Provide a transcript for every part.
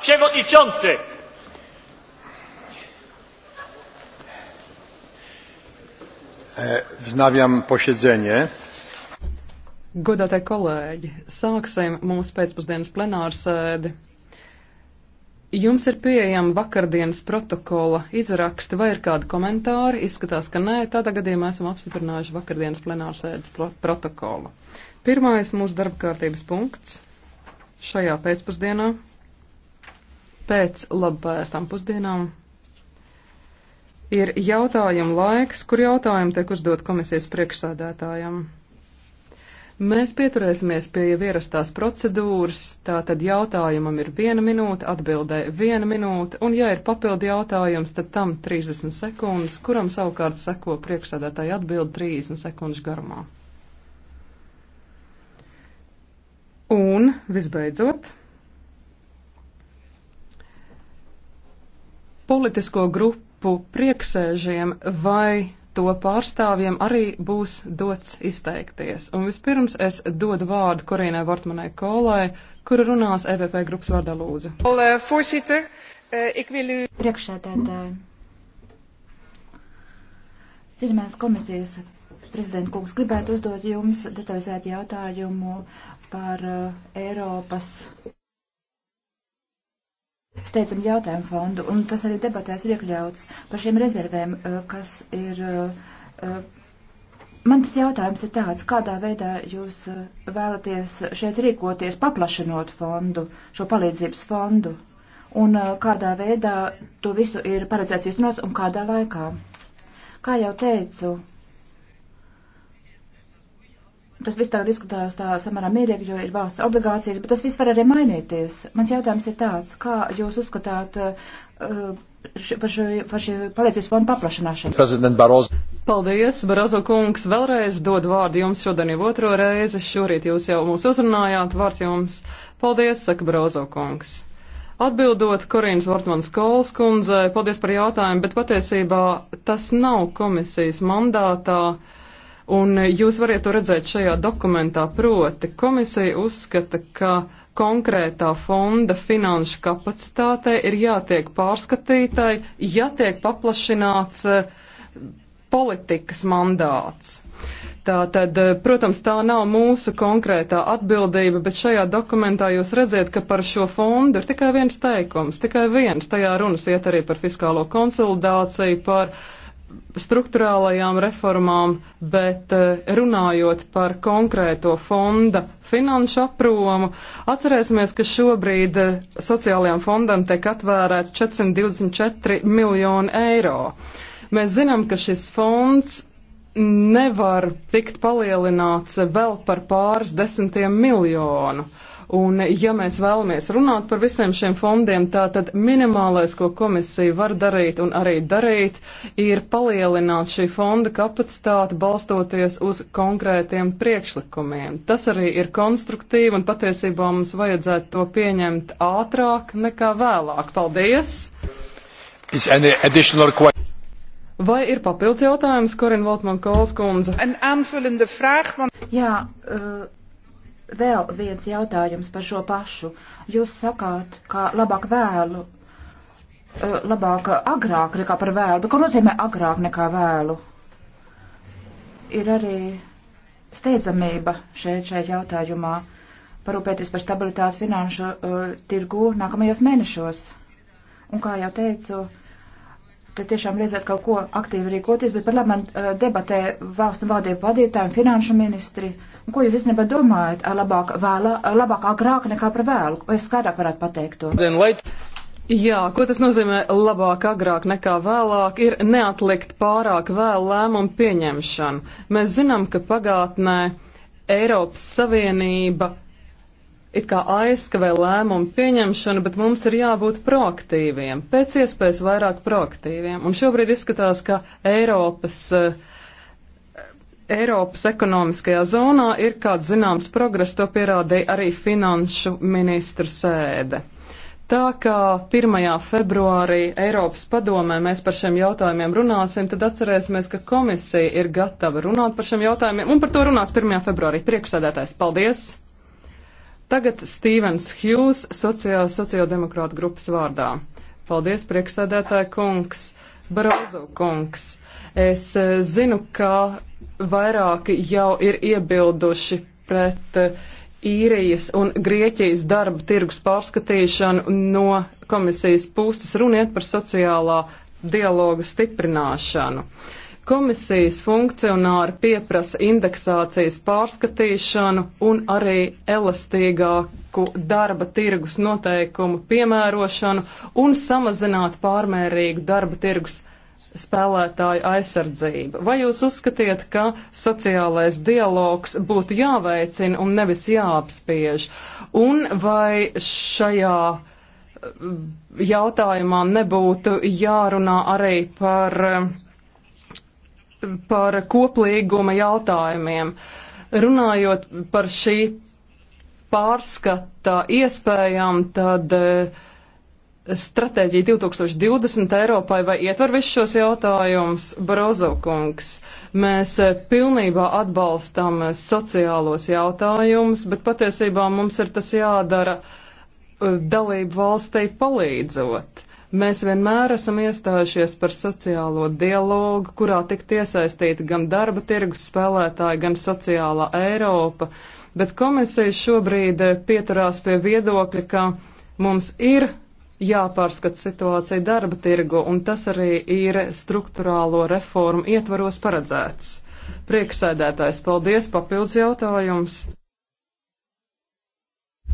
przewodniczący! E, wznawiam posiedzenie. Godātie kolēģi, sāksim mūsu pēcpusdienas plenārsēdi. Jums ir pieejama vakardienas protokola izraksti vai ir kādi komentāri? Izskatās, ka nē, tādā gadījumā esam apstiprinājuši vakardienas plenārsēdes protokolu. Pirmais mūsu darba kārtības punkts šajā pēcpusdienā pēc labpēstām pusdienām ir jautājumu laiks, kur jautājumi tiek uzdot komisijas priekšsādātājam. Mēs pieturēsimies pie jau ierastās procedūras, tātad jautājumam ir viena minūte, atbildē viena minūte, un ja ir papildi jautājums, tad tam 30 sekundes, kuram savukārt seko priekšsādātāja atbild 30 sekundžu garumā. Un, visbeidzot, politisko grupu prieksēžiem vai to pārstāvjiem arī būs dots izteikties. Un vispirms es dodu vārdu Korīnai Vortmanai Kolai, kura runās EPP grupas vārdā lūdzu. Uh, uh, Priekšsēdētāji, cienījumās komisijas prezidenta kungs gribētu uzdot jums detalizētu jautājumu par uh, Eiropas steidzam jautājumu fondu, un tas arī debatēs ir iekļauts par šiem rezervēm, eh, kas ir. Eh, eh, man tas jautājums ir tāds, kādā veidā jūs vēlaties šeit rīkoties, paplašinot fondu, šo palīdzības fondu, un kādā veidā to visu ir paredzēts īstenos un kādā laikā. Kā jau teicu, Tas viss tagad izskatās tā samērā mierīgi, jo ir valsts obligācijas, bet tas viss var arī mainīties. Mans jautājums ir tāds, kā jūs uzskatāt uh, š, par šo, par šo palīdzības fondu paplašanāšanu? Prezident Barozo. Paldies, Barozo kungs. Vēlreiz dod vārdu jums šodien jau otro reizi. Šorīt jūs jau mūs uzrunājāt. Vārds jums. Paldies, saka Barozo kungs. Atbildot Korīnas Vortmanas Kols kundzei, paldies par jautājumu, bet patiesībā tas nav komisijas mandātā. Uh, Un jūs varat to redzēt šajā dokumentā, proti komisija uzskata, ka konkrētā fonda finanšu kapacitātei ir jātiek pārskatītai, ja tiek paplašināts eh, politikas mandāts. Tātad, eh, protams, tā nav mūsu konkrētā atbildība, bet šajā dokumentā jūs redzat, ka par šo fondu ir tikai viens teikums, tikai viens. Tajā runas iet arī par fiskālo konsolidāciju, par uh, struktūrālajām reformām, bet eh, runājot par konkrēto fonda finanšu apromu, atcerēsimies, ka šobrīd eh, sociālajām fondam tiek atvērēts 424 miljoni eiro. Mēs zinām, ka šis fonds nevar tikt palielināts vēl par pāris desmitiem miljonu. Uh, Un, ja mēs vēlamies runāt par visiem šiem fondiem, tā tad minimālais, ko komisija var darīt un arī darīt, ir palielināt šī fonda kapacitāti balstoties uz konkrētiem priekšlikumiem. Tas arī ir konstruktīvi un patiesībā mums vajadzētu to pieņemt ātrāk nekā vēlāk. Paldies! Vai ir papildus jautājums, Korin Voltman Kolskundze? An man... Jā, uh, eh, vēl viens jautājums par šo pašu. Jūs sakāt, ka labāk vēlu, eh, labāk agrāk nekā par vēlu, bet ko nozīmē agrāk nekā vēlu? Ir arī steidzamība šeit šajā jautājumā parūpēties par stabilitāti finanšu uh, tirgu nākamajos mēnešos. Un kā jau teicu, te tiešām redzēt kaut ko aktīvi rīkoties, bet par labu man uh, eh, debatē valstu valdību vadītājiem, finanšu ministri. Uh, Ko jūs īstenībā domājat ar labāk, vēla, labāk agrāk nekā par vēlu? Vai skaidrāk varētu pateikt to? Jā, ko tas nozīmē labāk agrāk nekā vēlāk, ir neatlikt pārāk vēlu lēmumu pieņemšanu. Mēs zinām, ka pagātnē Eiropas Savienība it kā aizskavē lēmumu pieņemšanu, bet mums ir jābūt proaktīviem, pēc iespējas vairāk proaktīviem. Un šobrīd izskatās, ka Eiropas uh, Eiropas ekonomiskajā zonā ir kāds zināms progress, to pierādīja arī finanšu ministru sēde. Tā kā 1. februārī Eiropas padomē mēs par šiem jautājumiem runāsim, tad atcerēsimies, ka komisija ir gatava runāt par šiem jautājumiem un par to runās 1. februārī. Priekšsēdētājs, paldies! Tagad Stīvens Hjūs sociāla sociāldemokrāta grupas vārdā. Paldies, priekšsēdētāja kungs, Barozo kungs. Es eh, zinu, ka vairāki jau ir iebilduši pret eh, īrijas un Grieķijas darba tirgus pārskatīšanu no komisijas puses runiet par sociālā dialoga stiprināšanu. Komisijas funkcionāri pieprasa indeksācijas pārskatīšanu un arī elastīgāku darba tirgus noteikumu piemērošanu un samazināt pārmērīgu darba tirgus spēlētāju aizsardzība. Vai jūs uzskatiet, ka sociālais dialogs būtu jāveicina un nevis jāapspiež? Un vai šajā eh, jautājumā nebūtu jārunā arī par, eh, par koplīguma jautājumiem? Runājot par šī pārskata iespējām, tad uh, stratēģija 2020 Eiropai vai ietver visus šos jautājumus, Brozokungs? Mēs eh, pilnībā atbalstam eh, sociālos jautājumus, bet patiesībā mums ir tas jādara eh, dalību valstī palīdzot. Mēs vienmēr esam iestājušies par sociālo dialogu, kurā tiktu iesaistīti gan darba tirgus spēlētāji, gan sociālā Eiropa, bet komisija šobrīd pieturās pie viedokļa, ka mums ir jāpārskata situācija darba tirgu, un tas arī ir struktūrālo reformu ietvaros paredzēts. Prieksēdētājs, paldies, papildus jautājums.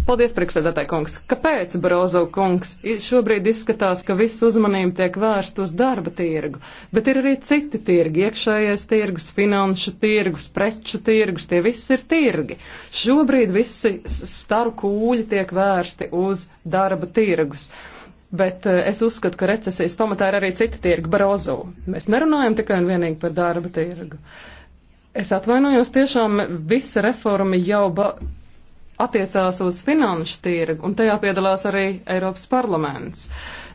Paldies, priekšsēdētāji kungs. Kāpēc, Brozo kungs, šobrīd izskatās, ka viss uzmanība tiek vērst uz darba tirgu, bet ir arī citi tirgi - iekšējais tirgus, finanšu tirgus, preču tirgus, tie visi ir tirgi. Šobrīd visi staru kūļi tiek vērsti uz darba tirgus. Uh, bet eh, es uzskatu, ka recesijas pamatā ir arī cita tirga, Barozo. Mēs nerunājam tikai un vienīgi par darba tirgu. Es atvainojos, tiešām visa reforma jau ba attiecās uz finanšu tirgu, un tajā piedalās arī Eiropas parlaments.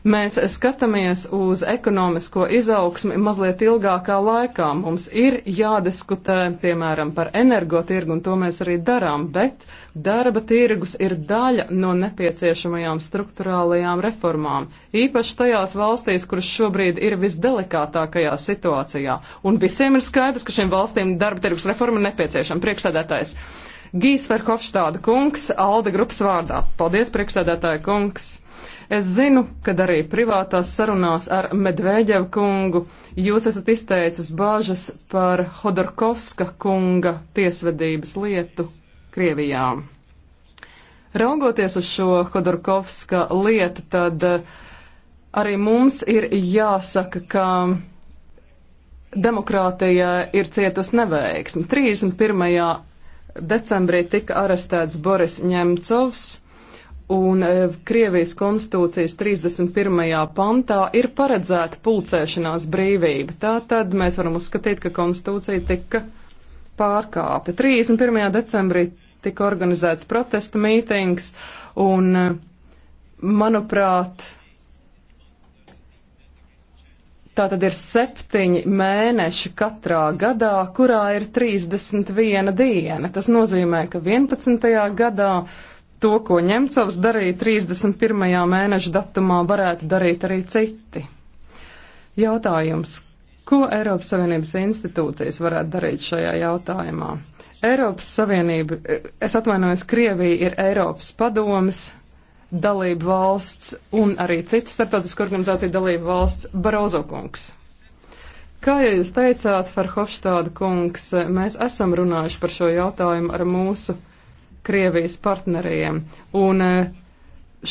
Mēs skatāmies uz ekonomisko izaugsmi mazliet ilgākā laikā. Mums ir jādiskutē, piemēram, par energotirgu, un to mēs arī darām, bet darba tirgus ir daļa no nepieciešamajām struktūrālajām reformām, īpaši tajās valstīs, kuras šobrīd ir visdelikātākajā situācijā. Un visiem ir skaidrs, ka šiem valstīm darba tirgus reforma ir nepieciešama. Priekšsēdētājs. Gijs Verhofstāda kungs, Alda grupas vārdā. Paldies, priekšsēdētāja kungs! Es zinu, ka arī privātās sarunās ar Medvēģevu kungu jūs esat izteicis bāžas par Hodorkovska kunga tiesvedības lietu Krievijā. Raugoties uz šo Hodorkovska lietu, tad eh, arī mums ir jāsaka, ka demokrātija ir cietusi neveiksmi. 31. Decembrī tika arestēts Boris Ņemcovs, un e, Krievijas konstitūcijas 31. pantā ir paredzēta pulcēšanās brīvība. Tā tad mēs varam uzskatīt, ka konstitūcija tika pārkāpta. 31. decembrī tika organizēts protesta mītings, un, e, manuprāt, Tā tad ir septiņi mēneši katrā gadā, kurā ir 31 diena. Tas nozīmē, ka 11. gadā to, ko Ņemcovs darīja 31. mēneša datumā, varētu darīt arī citi. Jautājums, ko Eiropas Savienības institūcijas varētu darīt šajā jautājumā? Eiropas Savienība, es atvainojos, Krievija ir Eiropas padomas dalību valsts un arī citu starptautisku organizāciju dalību valsts Barozo kungs. Kā jau jūs teicāt, Farhofstāda kungs, mēs esam runājuši par šo jautājumu ar mūsu Krievijas partneriem, un eh,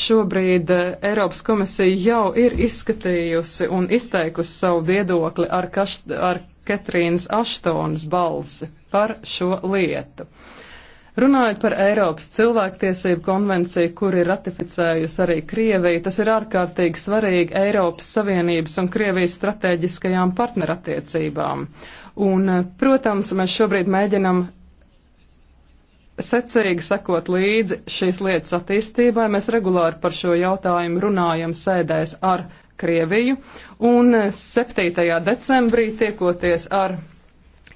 šobrīd eh, Eiropas komisija jau ir izskatījusi un izteikusi savu viedokli ar, kašt, ar Ketrīnas Aštonas balsi par šo lietu. Uh, Runājot par Eiropas cilvēktiesību konvenciju, kur ir ratificējusi arī Krievija, tas ir ārkārtīgi svarīgi Eiropas Savienības un Krievijas strateģiskajām partnerattiecībām. Un, protams, mēs šobrīd mēģinam secīgi sekot līdzi šīs lietas attīstībai. Mēs regulāri par šo jautājumu runājam sēdēs ar Krieviju, un 7. decembrī tiekoties ar Krieviju.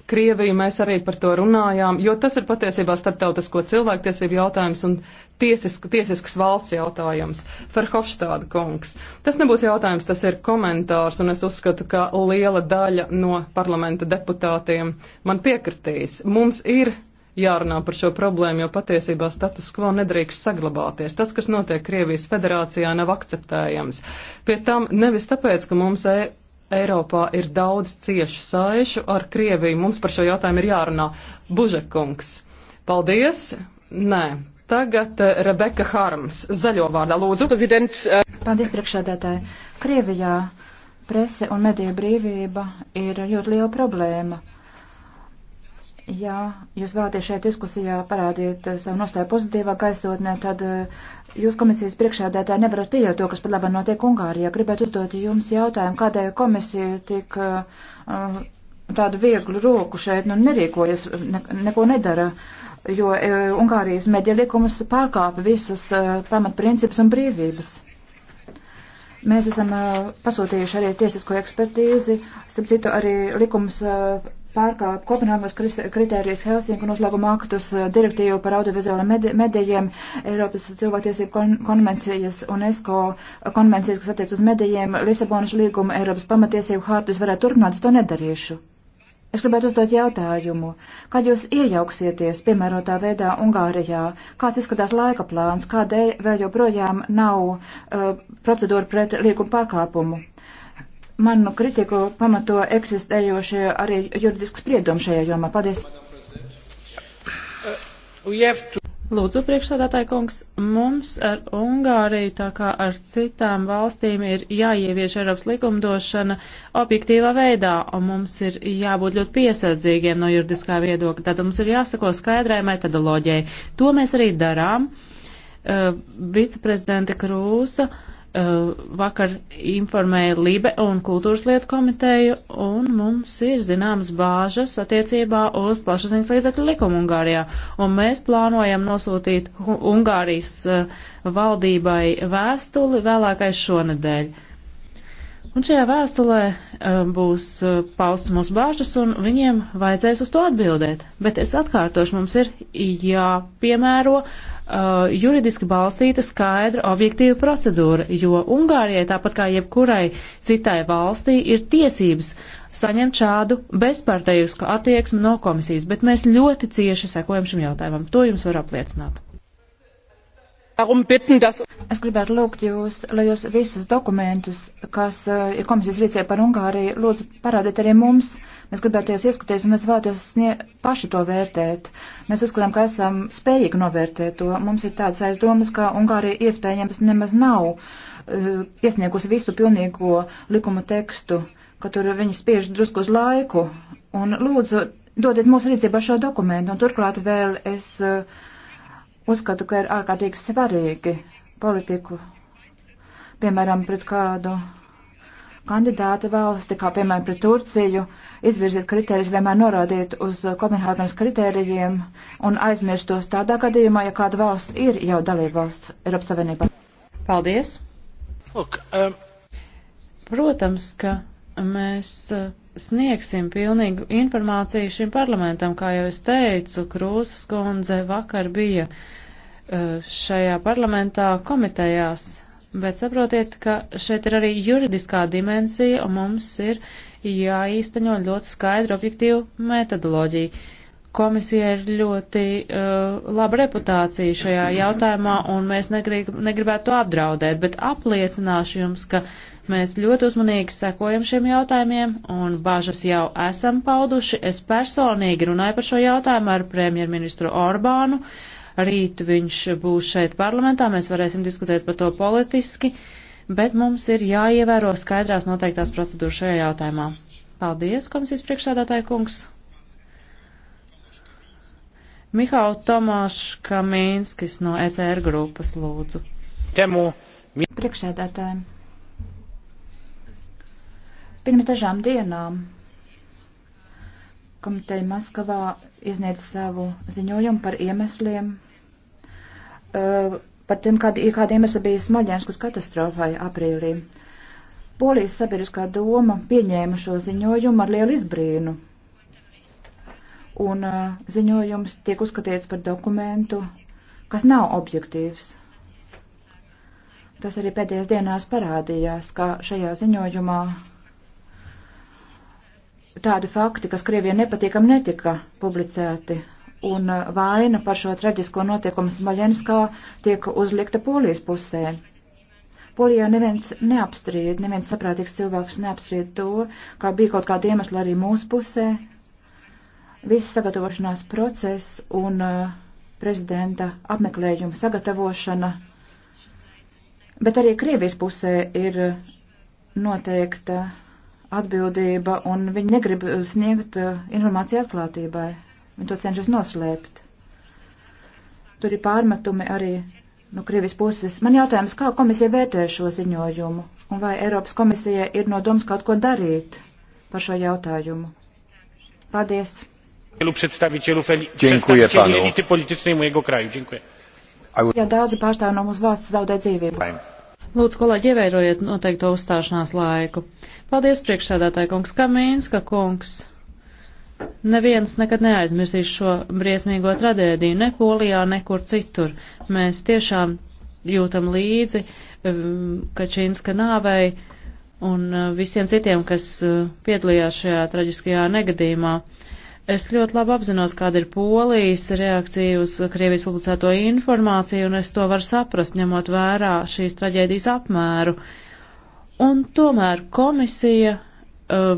Krieviju, mēs arī par to runājām, jo tas ir patiesībā starptautisko cilvēktiesību jautājums un tiesisk, tiesisks valsts jautājums. Ferhofstāda kungs. Tas nebūs jautājums, tas ir komentārs, un es uzskatu, ka liela daļa no parlamenta deputātiem man piekritīs. Mums ir jārunā par šo problēmu, jo patiesībā status quo nedrīkst saglabāties. Tas, kas notiek Krievijas federācijā, nav akceptējams. Pie tam nevis tāpēc, ka mums e Eiropā ir daudz ciešu saišu ar Krieviju. Mums par šo jautājumu ir jārunā. Bužekungs, paldies! Nē, Tagad eh, Rebeka Harms, zaļo vārdā, lūdzu. Prezidents. Eh, paldies, priekšādētāji. Krievijā prese un medija brīvība ir ļoti liela problēma. Ja jūs vēlaties šajā diskusijā parādīt eh, savu nostāju pozitīvā gaisotnē, tad eh, jūs komisijas priekšādētāji nevarat pieļaut to, kas pat labāk notiek Ungārijā. Gribētu uzdot jums jautājumu, kādēļ komisija tik eh, tādu vieglu roku šeit nu, nerīkojas, ne, neko nedara, jo Ungārijas medija likums pārkāpa visus pamatprincipus un brīvības. Mēs esam pasūtījuši arī tiesisko ekspertīzi, starp citu arī likums pārkāp Kopenhāgas kritērijas Helsinku noslēguma aktus eh, direktīvu par audiovizuālajiem medijiem, Eiropas cilvēktiesību konvencijas, UNESCO konvencijas, kas attiec uz medijiem, Lisabonas līguma, Eiropas pamatiesību hārtu. Es varētu turpināt, es to nedarīšu. Es gribētu uzdot jautājumu, kad jūs iejauksieties piemērotā veidā Ungārijā, kāds izskatās laika plāns, kādēļ vēl joprojām nav uh, procedūra pret līguma pārkāpumu? manu kritiku pamato eksistējošie arī juridiski spriedumi šajā jomā. Paldies! Uh, Lūdzu, priekšsādātāji kungs, mums ar Ungāriju, tā kā ar citām valstīm, ir jāievieš Eiropas likumdošana objektīvā veidā, un mums ir jābūt ļoti piesardzīgiem no juridiskā viedokļa. Tad mums ir jāsako skaidrai metodoloģijai. To mēs arī darām. Uh, viceprezidente Krūsa. Uh, Eh, vakar informēja Libe un kultūras lietu komiteju, un mums ir zināmas bāžas attiecībā uz plašsaziņas līdzekļu likumu Ungārijā. Un mēs plānojam nosūtīt Ungārijas eh, valdībai vēstuli vēlākais šonedēļ. Un šajā vēstulē e, būs e, pausts mūsu bāžas, un viņiem vajadzēs uz to atbildēt. Bet es atkārtošu, mums ir jāpiemēro uh, juridiski balstīta skaidra objektīva procedūra, jo Ungārijai, tāpat kā jebkurai citai valstī, ir tiesības saņemt šādu bezpārtējusku attieksmi no komisijas, bet mēs ļoti cieši sekojam šim jautājumam. To jums var apliecināt. Es gribētu lūgt jūs, lai jūs visus dokumentus, kas eh, ir komisijas rīcē par Ungāriju, lūdzu parādiet arī mums. Mēs gribētu jūs ieskaties un mēs vēlētos paši to vērtēt. Mēs uzskatām, ka esam spējīgi novērtēt to. Mums ir tāds aizdomas, ka Ungārija iespējams nemaz nav uh, iesniegusi visu pilnīgo likuma tekstu, ka tur viņi spiež drusku uz laiku. Un lūdzu, dodiet mūsu rīcībā šo dokumentu. Un turklāt vēl es. Uh, Uzskatu, ka ir ārkārtīgi svarīgi politiku, piemēram, pret kādu kandidātu valsti, kā piemēram pret Turciju, izvirzīt kriterijus, vienmēr norādīt uz Kopenhāgenes kriterijiem un aizmirst tos tādā gadījumā, ja kāda valsts ir jau dalība valsts Eiropas Savienībā. Paldies! Look, um... Protams, ka mēs eh, sniegsim pilnīgu informāciju šim parlamentam, kā jau es teicu, Krūzes kundze vakar bija eh, šajā parlamentā komitejās, bet saprotiet, ka šeit ir arī juridiskā dimensija, un mums ir jāīsteņo ļoti skaidra objektīva metodoloģija. Komisija ir ļoti uh, laba reputācija šajā jautājumā, un mēs negrib, negribētu to apdraudēt, bet apliecināšu jums, ka uh, Mēs ļoti uzmanīgi sekojam šiem jautājumiem un bažas jau esam pauduši. Es personīgi runāju par šo jautājumu ar premjerministru Orbānu. Rīt viņš būs šeit parlamentā, mēs varēsim diskutēt par to politiski, bet mums ir jāievēro skaidrās noteiktās procedūras šajā jautājumā. Paldies, komisijas priekšsēdētāja kungs! Mihau Tomāš Kaminskis no ECR grupas lūdzu. Temu. Priekšsēdētājiem. Pirms dažām dienām komiteja Maskavā izniedz savu ziņojumu par iemesliem, uh, par tiem, kādi, kādi iemesli bija Smoļenskas katastrofai aprīlī. Polijas sabiedriskā doma pieņēma šo ziņojumu ar lielu izbrīnu, un uh, ziņojums tiek uzskatīts par dokumentu, kas nav objektīvs. Tas arī pēdējās dienās parādījās, ka šajā ziņojumā tādi fakti, kas Krievijai nepatīkam netika publicēti, un uh, vaina par šo traģisko notiekumu Smaļenskā tiek uzlikta polijas pusē. Polijā neviens neapstrīd, neviens saprātīgs cilvēks neapstrīd to, kā bija kaut kāda iemesla arī mūsu pusē. Viss sagatavošanās process un uh, prezidenta apmeklējuma sagatavošana, bet arī Krievijas pusē ir uh, noteikta. Uh, atbildība un viņi negrib uh, sniegt uh, informāciju atklātībai. Viņi to cenšas noslēpt. Tur ir pārmetumi arī no nu, Krievijas puses. Man jautājums, kā komisija vērtē šo ziņojumu un vai Eiropas komisija ir nodoms kaut ko darīt par šo jautājumu? Paldies. Dziękuję panu. Ja daudzi pārstāv no mūsu valsts zaudē dzīvību. Lūdzu, kolēģi, ievērojiet noteikto uzstāšanās laiku. Paldies, priekšsādātāja kungs Kamīnska kungs. Neviens nekad neaizmirsīs šo briesmīgo tragēdiju ne Polijā, nekur citur. Mēs tiešām jūtam līdzi um, Kačīnska nāvei un uh, visiem citiem, kas uh, piedalījās šajā traģiskajā negadījumā. Es ļoti labi apzinos, kāda ir polijas reakcija uz Krievijas publicēto informāciju, un es to varu saprast, ņemot vērā šīs traģēdijas apmēru. Uh, Un tomēr komisija uh,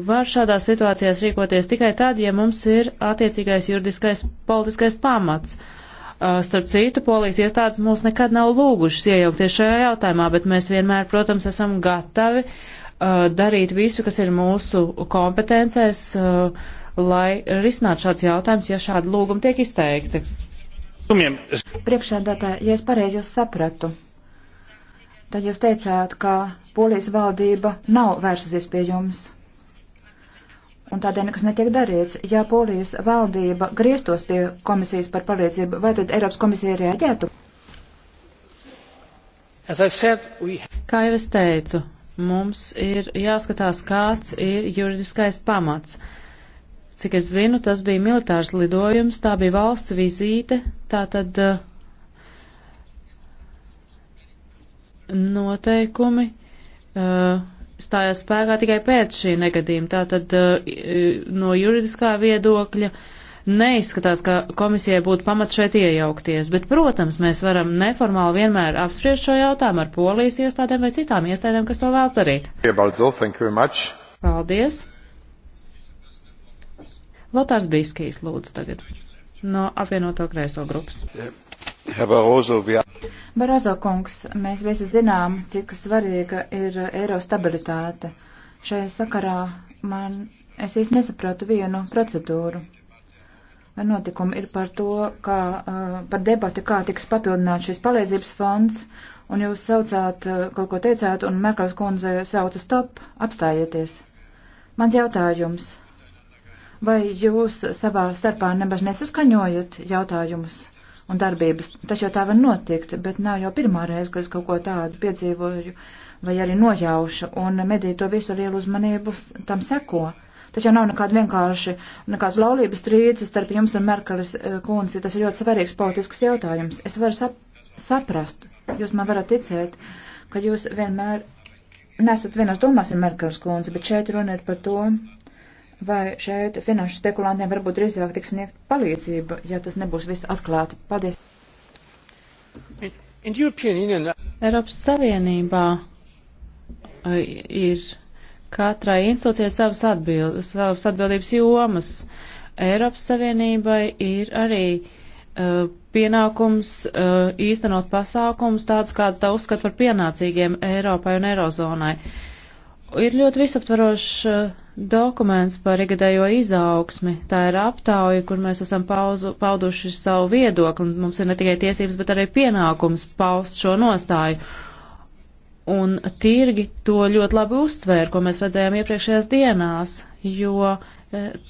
var šādās situācijās rīkoties tikai tad, ja mums ir attiecīgais juridiskais politiskais pamats. Uh, starp citu, polijas iestādes mūs nekad nav lūgušas iejaukties šajā jautājumā, bet mēs vienmēr, protams, esam gatavi uh, darīt visu, kas ir mūsu kompetencēs, lai risinātu šāds jautājums, ja šādi lūgumi tiek izteikti. Priekšādātāji, ja es pareizi jūs sapratu, tad jūs teicāt, ka polijas valdība nav vērsusies pie jums. Un tādēļ nekas netiek darīts. Ja polijas valdība grieztos pie komisijas par palīdzību, vai tad Eiropas komisija reaģētu? Said, we... Kā jau es teicu, mums ir jāskatās, kāds ir juridiskais pamats. Cik es zinu, tas bija militārs lidojums, tā bija valsts vizīte, tā tad. Uh, noteikumi uh, stājās spēkā tikai pēc šī negadījuma. Tātad uh, no juridiskā viedokļa neizskatās, ka komisijai būtu pamats šeit iejaukties, bet, protams, mēs varam neformāli vienmēr apspriest šo jautājumu ar polijas iestādēm vai citām iestādēm, kas to vēlas darīt. Paldies! Lotārs Bīskijs lūdzu tagad no apvienoto kreiso grupas. Yeah. Barozo kungs, mēs visi zinām, cik svarīga ir eiro stabilitāte. Šajā sakarā man es īsti nesaprotu vienu procedūru. Vai notikumi ir par to, kā, uh, par debati, kā tiks papildināt šis palīdzības fonds, un jūs saucāt, uh, kaut ko teicāt, un Merkels kundze sauca stop, apstājieties. Mans jautājums. Vai jūs savā starpā nemaz nesaskaņojat jautājumus? un darbības. Tas jau tā var notikt, bet nav jau pirmā reize, kad es kaut ko tādu piedzīvoju vai arī nojaušu, un mediji to visu ar lielu uzmanību tam seko. Tas jau nav nekāda vienkārši, nekāds laulības strīds starp jums un Merkeles e, kundzi. Tas ir ļoti svarīgs politisks jautājums. Es varu sap saprast, jūs man varat ticēt, ka jūs vienmēr nesat vienās domās ar Merkeles kundzi, bet šeit runa ir par to, vai šeit finanšu spekulantiem varbūt drīzāk tiks sniegt palīdzība, ja tas nebūs viss atklāti. Paldies. Uh, Eiropas Savienībā uh, ir katrai institūcijai savas, atbild, savas atbildības jomas. Eiropas Savienībai ir arī uh, pienākums uh, īstenot pasākumus tādus, kādus tā uzskata par pienācīgiem Eiropai un Eirozonai. Ir ļoti visaptvarošs uh, dokuments par igadējo izaugsmi. Tā ir aptauja, kur mēs esam pauzu, pauduši savu viedokli. Mums ir ne tikai tiesības, bet arī pienākums paust šo nostāju. Un tirgi to ļoti labi uztvēra, ko mēs redzējām iepriekšējās dienās, jo e,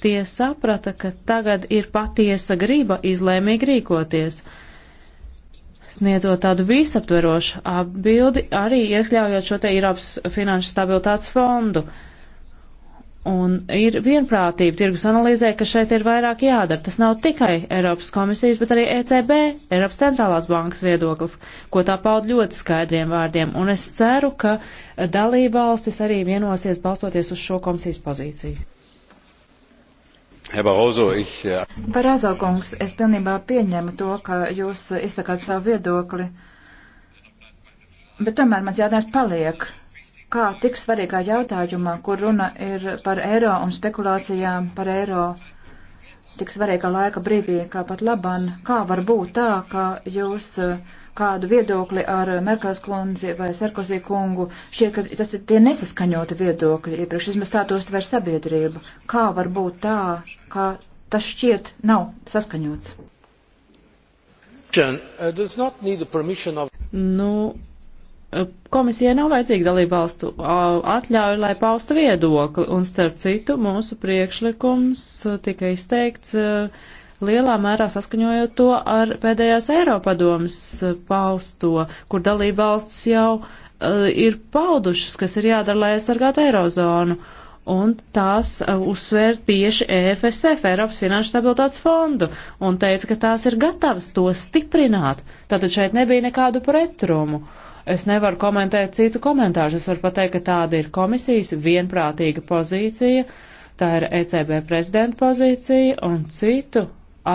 tie saprata, ka tagad ir patiesa griba izlēmīgi rīkoties sniedzot tādu visaptverošu atbildi, arī iekļaujot šo te Eiropas finanšu stabilitātes fondu. Uh, Un ir vienprātība tirgus analīzē, ka šeit ir vairāk jādara. Tas nav tikai Eiropas komisijas, bet arī ECB, Eiropas centrālās bankas viedoklis, ko tā paud ļoti skaidriem vārdiem. Un es ceru, ka dalība valstis arī vienosies balstoties uz šo komisijas pozīciju. Barozo, ich... Äh, Barozo kungs, es pilnībā pieņemu to, ka jūs izsakāt savu viedokli, bet tomēr mans jādājums paliek kā tik svarīgā jautājumā, kur runa ir par eiro un spekulācijām par eiro, tik svarīgā laika brīdī, kā pat laban, kā var būt tā, ka jūs eh, kādu viedokli ar Merkels kundzi vai Sarkozī kungu, šie, ka tas ir tie nesaskaņoti viedokļi, iepriekš vismaz tā tos tver sabiedrība. Kā var būt tā, ka tas šķiet nav saskaņots? Uh, nu, komisijai nav vajadzīga dalība valstu atļauja, lai paustu viedokli, un starp citu mūsu priekšlikums tika izteikts lielā mērā saskaņojot to ar pēdējās Eiropadomas pausto, kur dalība valsts jau ir paudušas, kas ir jādara, lai aizsargātu Eirozonu, un tās uzsvērt tieši EFSF, Eiropas Finanšu Stabilitātes fondu, un teica, ka tās ir gatavas to stiprināt, tātad šeit nebija nekādu pretrumu. Uh, Es nevaru komentēt citu komentāru. Es varu pateikt, ka tāda ir komisijas vienprātīga pozīcija, tā ir ECB prezidenta pozīcija un citu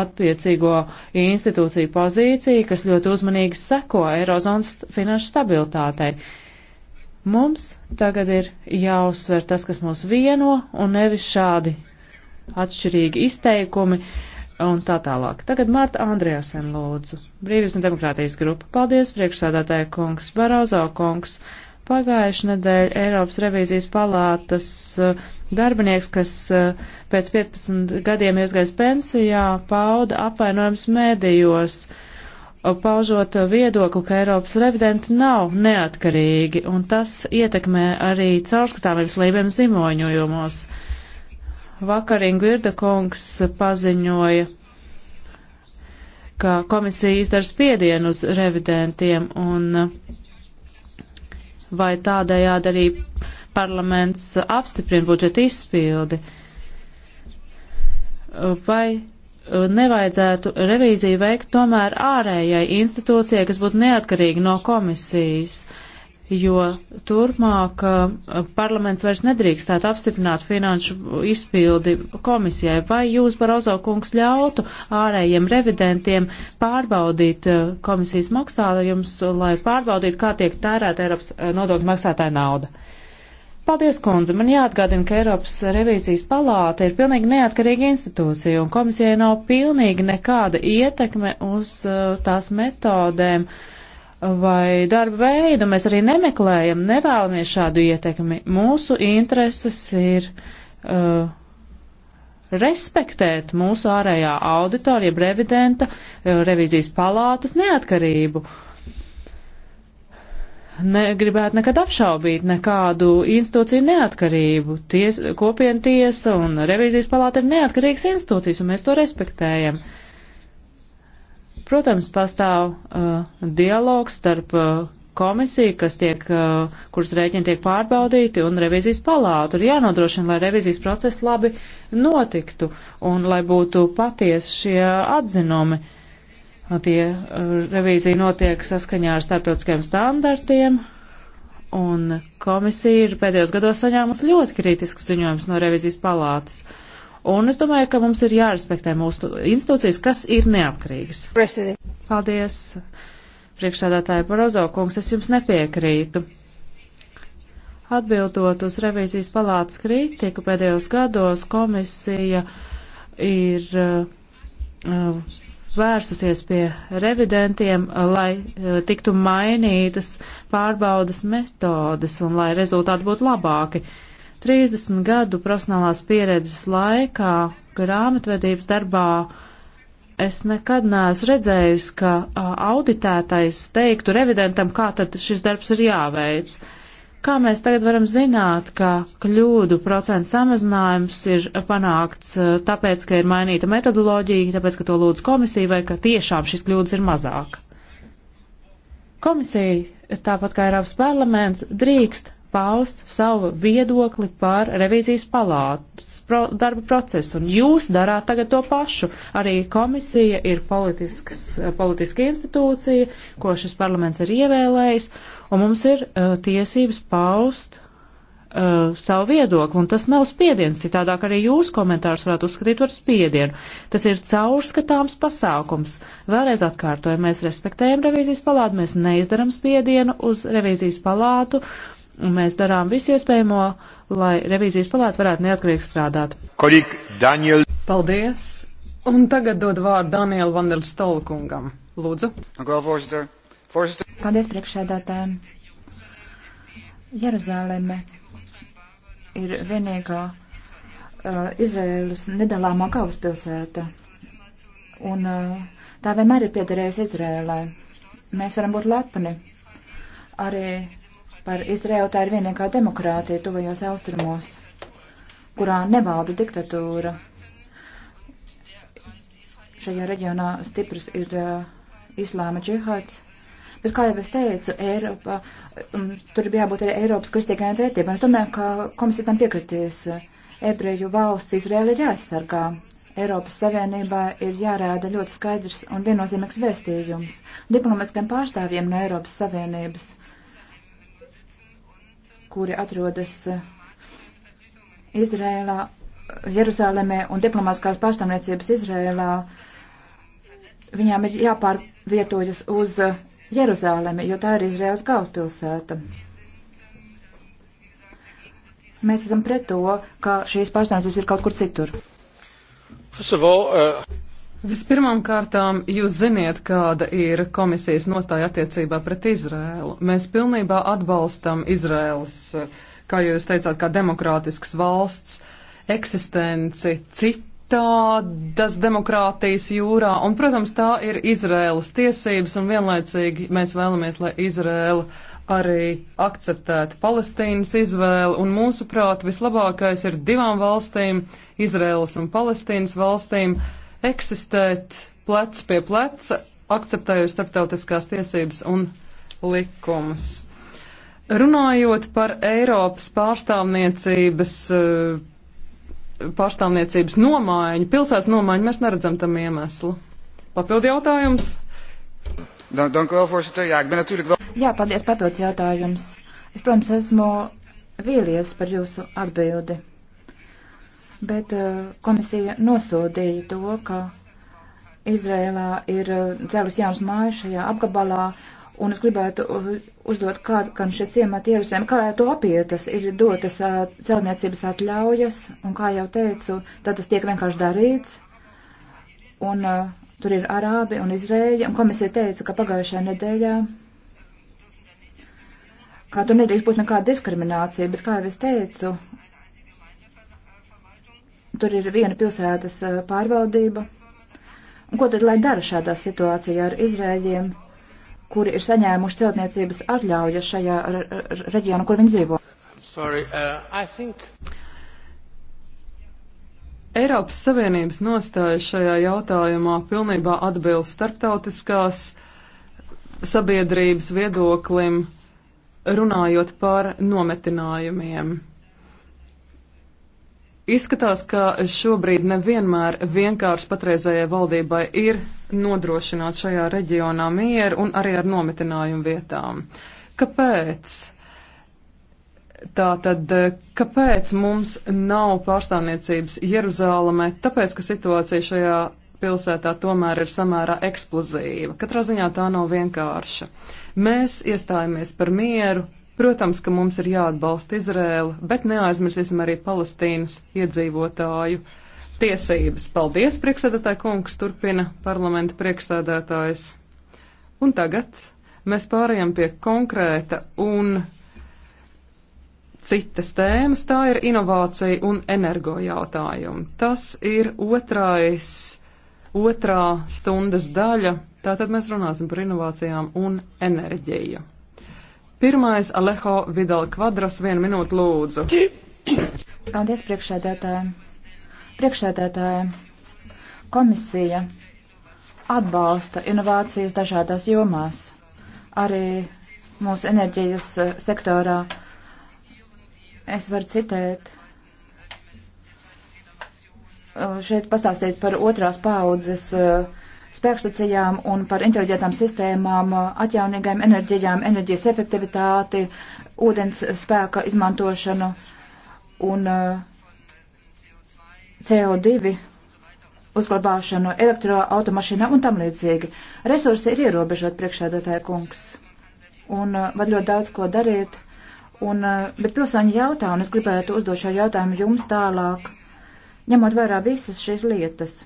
attiecīgo institūciju pozīcija, kas ļoti uzmanīgi seko Eirozonas finanšu stabilitātei. Mums tagad ir jāuzsver tas, kas mūs vieno, un nevis šādi atšķirīgi izteikumi, uh, un tā tālāk. Tagad Marta Andrēsen lūdzu. Brīvības un demokrātijas grupa. Paldies, priekšsādātāja kungs, Barāzo kungs. Pagājuši nedēļ Eiropas revīzijas palātas eh, darbinieks, kas eh, pēc 15 gadiem iesgais pensijā, pauda apvainojums mēdījos, eh, paužot viedokli, ka Eiropas revidenti nav neatkarīgi, un tas ietekmē arī caurskatāmības lībiem zimoņojumos. Vakarīgi Virda kungs paziņoja, ka komisija izdara spiedienu uz revidentiem un vai tādējādi arī parlaments apstiprina budžeta izpildi. Vai nevajadzētu revīziju veikt tomēr ārējai institūcijai, kas būtu neatkarīga no komisijas? Uh, jo turpmāk uh, parlaments vairs nedrīkstētu apstiprināt finanšu izpildi komisijai. Vai jūs, Barozo kungs, ļautu ārējiem revidentiem pārbaudīt uh, komisijas maksājumus, lai pārbaudītu, kā tiek tērēta Eiropas uh, nodokļu maksātāja nauda? Paldies, kundze. Man jāatgādina, ka Eiropas revīzijas palāta ir pilnīgi neatkarīga institūcija, un komisijai nav pilnīgi nekāda ietekme uz uh, tās metodēm uh, vai darba veidu. Mēs arī nemeklējam, nevēlamies šādu ietekmi. Mūsu intereses ir uh, respektēt mūsu ārējā auditorija, jeb revidenta, uh, revīzijas palātas neatkarību. Ne, gribētu nekad apšaubīt nekādu institūciju neatkarību. Ties, kopientiesa un revīzijas palāta ir neatkarīgas institūcijas, un mēs to respektējam. Uh, Protams, pastāv uh, dialogs starp uh, komisiju, kas tiek, uh, kuras rēķini tiek pārbaudīti, un revizijas palātu. Ir jānodrošina, lai revizijas process labi notiktu un lai būtu patiesi šie atzinumi. Uh, tie uh, revīzija notiek saskaņā ar starptautiskiem standartiem, un komisija ir pēdējos gados saņēmusi ļoti kritisku ziņojumus no revizijas palātas. Uh, Un es domāju, ka mums ir jārespektē mūsu institūcijas, kas ir neatkarīgas. President. Paldies, priekšsādātāja Barozo kungs, es jums nepiekrītu. Atbildot uz revīzijas palātas kritiku pēdējos gados, komisija ir uh, uh vērsusies pie revidentiem, lai uh, tiktu mainītas pārbaudas metodas un lai rezultāti būtu labāki. Uh, 30 gadu profesionālās pieredzes laikā grāmatvedības darbā es nekad neesmu redzējis, ka auditētais teiktu revidentam, kā tad šis darbs ir jāveic. Kā mēs tagad varam zināt, ka kļūdu procentu samazinājums ir panākts tāpēc, ka ir mainīta metodoloģija, tāpēc, ka to lūdz komisija vai ka tiešām šis kļūdas ir mazāk? Komisija, tāpat kā Eiropas parlaments, drīkst paust savu viedokli par revīzijas palātas pro, darba procesu, un jūs darāt tagad to pašu. Arī komisija ir politiska institūcija, ko šis parlaments ir ievēlējis, un mums ir uh, tiesības paust uh, savu viedokli, un tas nav spiediens, citādāk arī jūs komentārs varētu uzskatīt par spiedienu. Tas ir caurskatāms pasākums. Vēlreiz atkārtoju, mēs respektējam revīzijas palātu, mēs neizdaram spiedienu uz revīzijas palātu, uh, Un mēs darām visu iespējamo, lai revīzijas palāta varētu neatkarīgi strādāt. Kolik, Daniel. Paldies! Un tagad dod vārdu Danielu Vanderu Stolkungam. Lūdzu. Paldies, priekšsēdētājiem. Jeruzaleme ir vienīgā uh, Izraēlas nedalāmā galvaspilsēta. Un uh, tā vienmēr ir piederējusi Izraēlai. Mēs varam būt lepni. Arī par Izraelu. Tā ir vienīgā demokrātija tuvajos austrumos, kurā nevalda diktatūra. Šajā reģionā stiprs ir uh, islāma džihāds. Bet, kā jau es teicu, Eiropa, um, tur bija jābūt arī Eiropas kristīgajām vērtībām. Es domāju, ka komisija tam piekritīs. Ebreju valsts Izraēla ir jāaizsargā. Eiropas Savienībā ir jārāda ļoti skaidrs un viennozīmīgs vēstījums diplomatiskiem pārstāvjiem no Eiropas Savienības kuri atrodas eh, Izrēlā, Jeruzālēmē un diplomātiskās pārstāvniecības Izrēlā. Viņām ir jāpārvietojas uz eh, Jeruzālēmi, jo tā ir Izraels galvaspilsēta. Mēs esam pret to, ka šīs pārstāvniecības ir kaut kur citur. First of all, uh... Vispirmām kārtām jūs ziniet, kāda ir komisijas nostāja attiecībā pret Izrēlu. Mēs pilnībā atbalstam Izrēlas, kā jūs teicāt, kā demokrātisks valsts eksistenci citādas demokrātijas jūrā. Un, protams, tā ir Izrēlas tiesības un vienlaicīgi mēs vēlamies, lai Izrēla arī akceptētu Palestīnas izvēli. Un mūsuprāt, vislabākais ir divām valstīm, Izrēlas un Palestīnas valstīm eksistēt plec pie pleca, akceptējot starptautiskās tiesības un likumus. Runājot par Eiropas pārstāvniecības, eh, pārstāvniecības nomaiņu, pilsētas nomaiņu, mēs neredzam tam iemeslu. Papildu jautājums? Dank u wel, voorzitter. Ja, ik ben natuurlijk wel... Jā, paldies, papildus jautājums. Es, protams, esmu vīlies par jūsu atbildi bet uh, komisija nosodīja to, ka Izrēlā ir uh, dzēlus jauns mājas šajā apgabalā, un es gribētu uh, uzdot kādu, kam šie ciemati ierasēm, kā to apietas, ir dotas celtniecības atļaujas, un kā jau teicu, tad tas tiek vienkārši darīts, un uh, tur ir arābi un izrēļi, un komisija teica, ka pagājušajā nedēļā, kā tur nedrīkst būt nekāda diskriminācija, bet kā jau es teicu, Tur ir viena pilsētas pārvaldība. Un ko tad lai dara šādā situācijā ar Izrēļiem, kuri ir saņēmuši celtniecības atļaujas šajā reģionā, kur viņi dzīvo? Sorry, uh, think... Eiropas Savienības nostāja šajā jautājumā pilnībā atbilst starptautiskās sabiedrības viedoklim, runājot par nometinājumiem. Izskatās, ka šobrīd nevienmēr vienkārši patreizējai valdībai ir nodrošināt šajā reģionā mieru un arī ar nometinājumu vietām. Kāpēc? Tātad, kāpēc mums nav pārstāvniecības Jeruzālamē? Tāpēc, ka situācija šajā pilsētā tomēr ir samērā eksplozīva. Katrā ziņā tā nav vienkārša. Mēs iestājāmies par mieru, Protams, ka mums ir jāatbalsta Izrēla, bet neaizmirsīsim arī Palestīnas iedzīvotāju tiesības. Paldies, priekšsēdētāji kungs, turpina parlamenta priekšsēdētājs. Un tagad mēs pārējām pie konkrēta un citas tēmas. Tā ir inovācija un energo jautājumi. Tas ir otrais, otrā stundas daļa. Tātad mēs runāsim par inovācijām un enerģiju. Pirmais Alejo Vidal Kvadras, vienu minūtu lūdzu. Paldies priekšsēdētājiem. Priekšsēdētājiem. Komisija atbalsta inovācijas dažādās jomās. Arī mūsu enerģijas eh, sektorā. Es varu citēt eh, šeit pastāstīt par otrās paudzes uh, spēkstacijām un par inteliģentām sistēmām, atjaunīgām enerģijām, enerģijas efektivitāti, ūdens spēka izmantošanu un eh, CO2 uzglabāšanu elektroautomašīnām un tam līdzīgi. Resursi ir ierobežot priekšēdētāja kungs un eh, var ļoti daudz ko darīt. Un, eh, bet pilsoņi jautā, un es gribētu uzdot šo jautājumu jums tālāk, ņemot vērā visas šīs lietas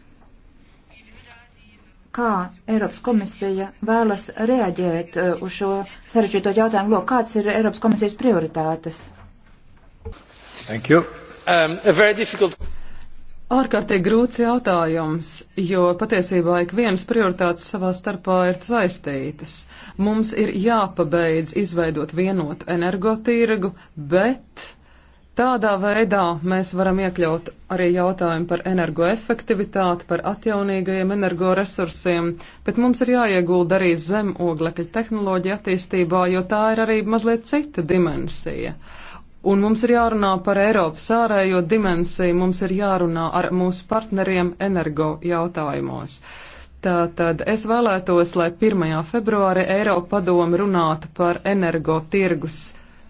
kā Eiropas komisija vēlas reaģēt uh, uz šo sarežģīto jautājumu loku. Kāds ir Eiropas komisijas prioritātes? Thank you. Um, a very difficult. Ārkārtīgi grūts jautājums, jo patiesībā ik vienas prioritātes savā starpā ir saistītas. Mums ir jāpabeidz izveidot vienotu energotīrgu, bet uh, Tādā veidā mēs varam iekļaut arī jautājumu par energoefektivitāti, par atjaunīgajiem energoresursiem, bet mums ir jāiegulda arī zemoglekļa tehnoloģija attīstībā, jo tā ir arī mazliet cita dimensija. Un mums ir jārunā par Eiropas ārējo dimensiju, mums ir jārunā ar mūsu partneriem energo jautājumos. Tātad es vēlētos, lai 1. februāri Eiropa padomi runātu par energo tirgus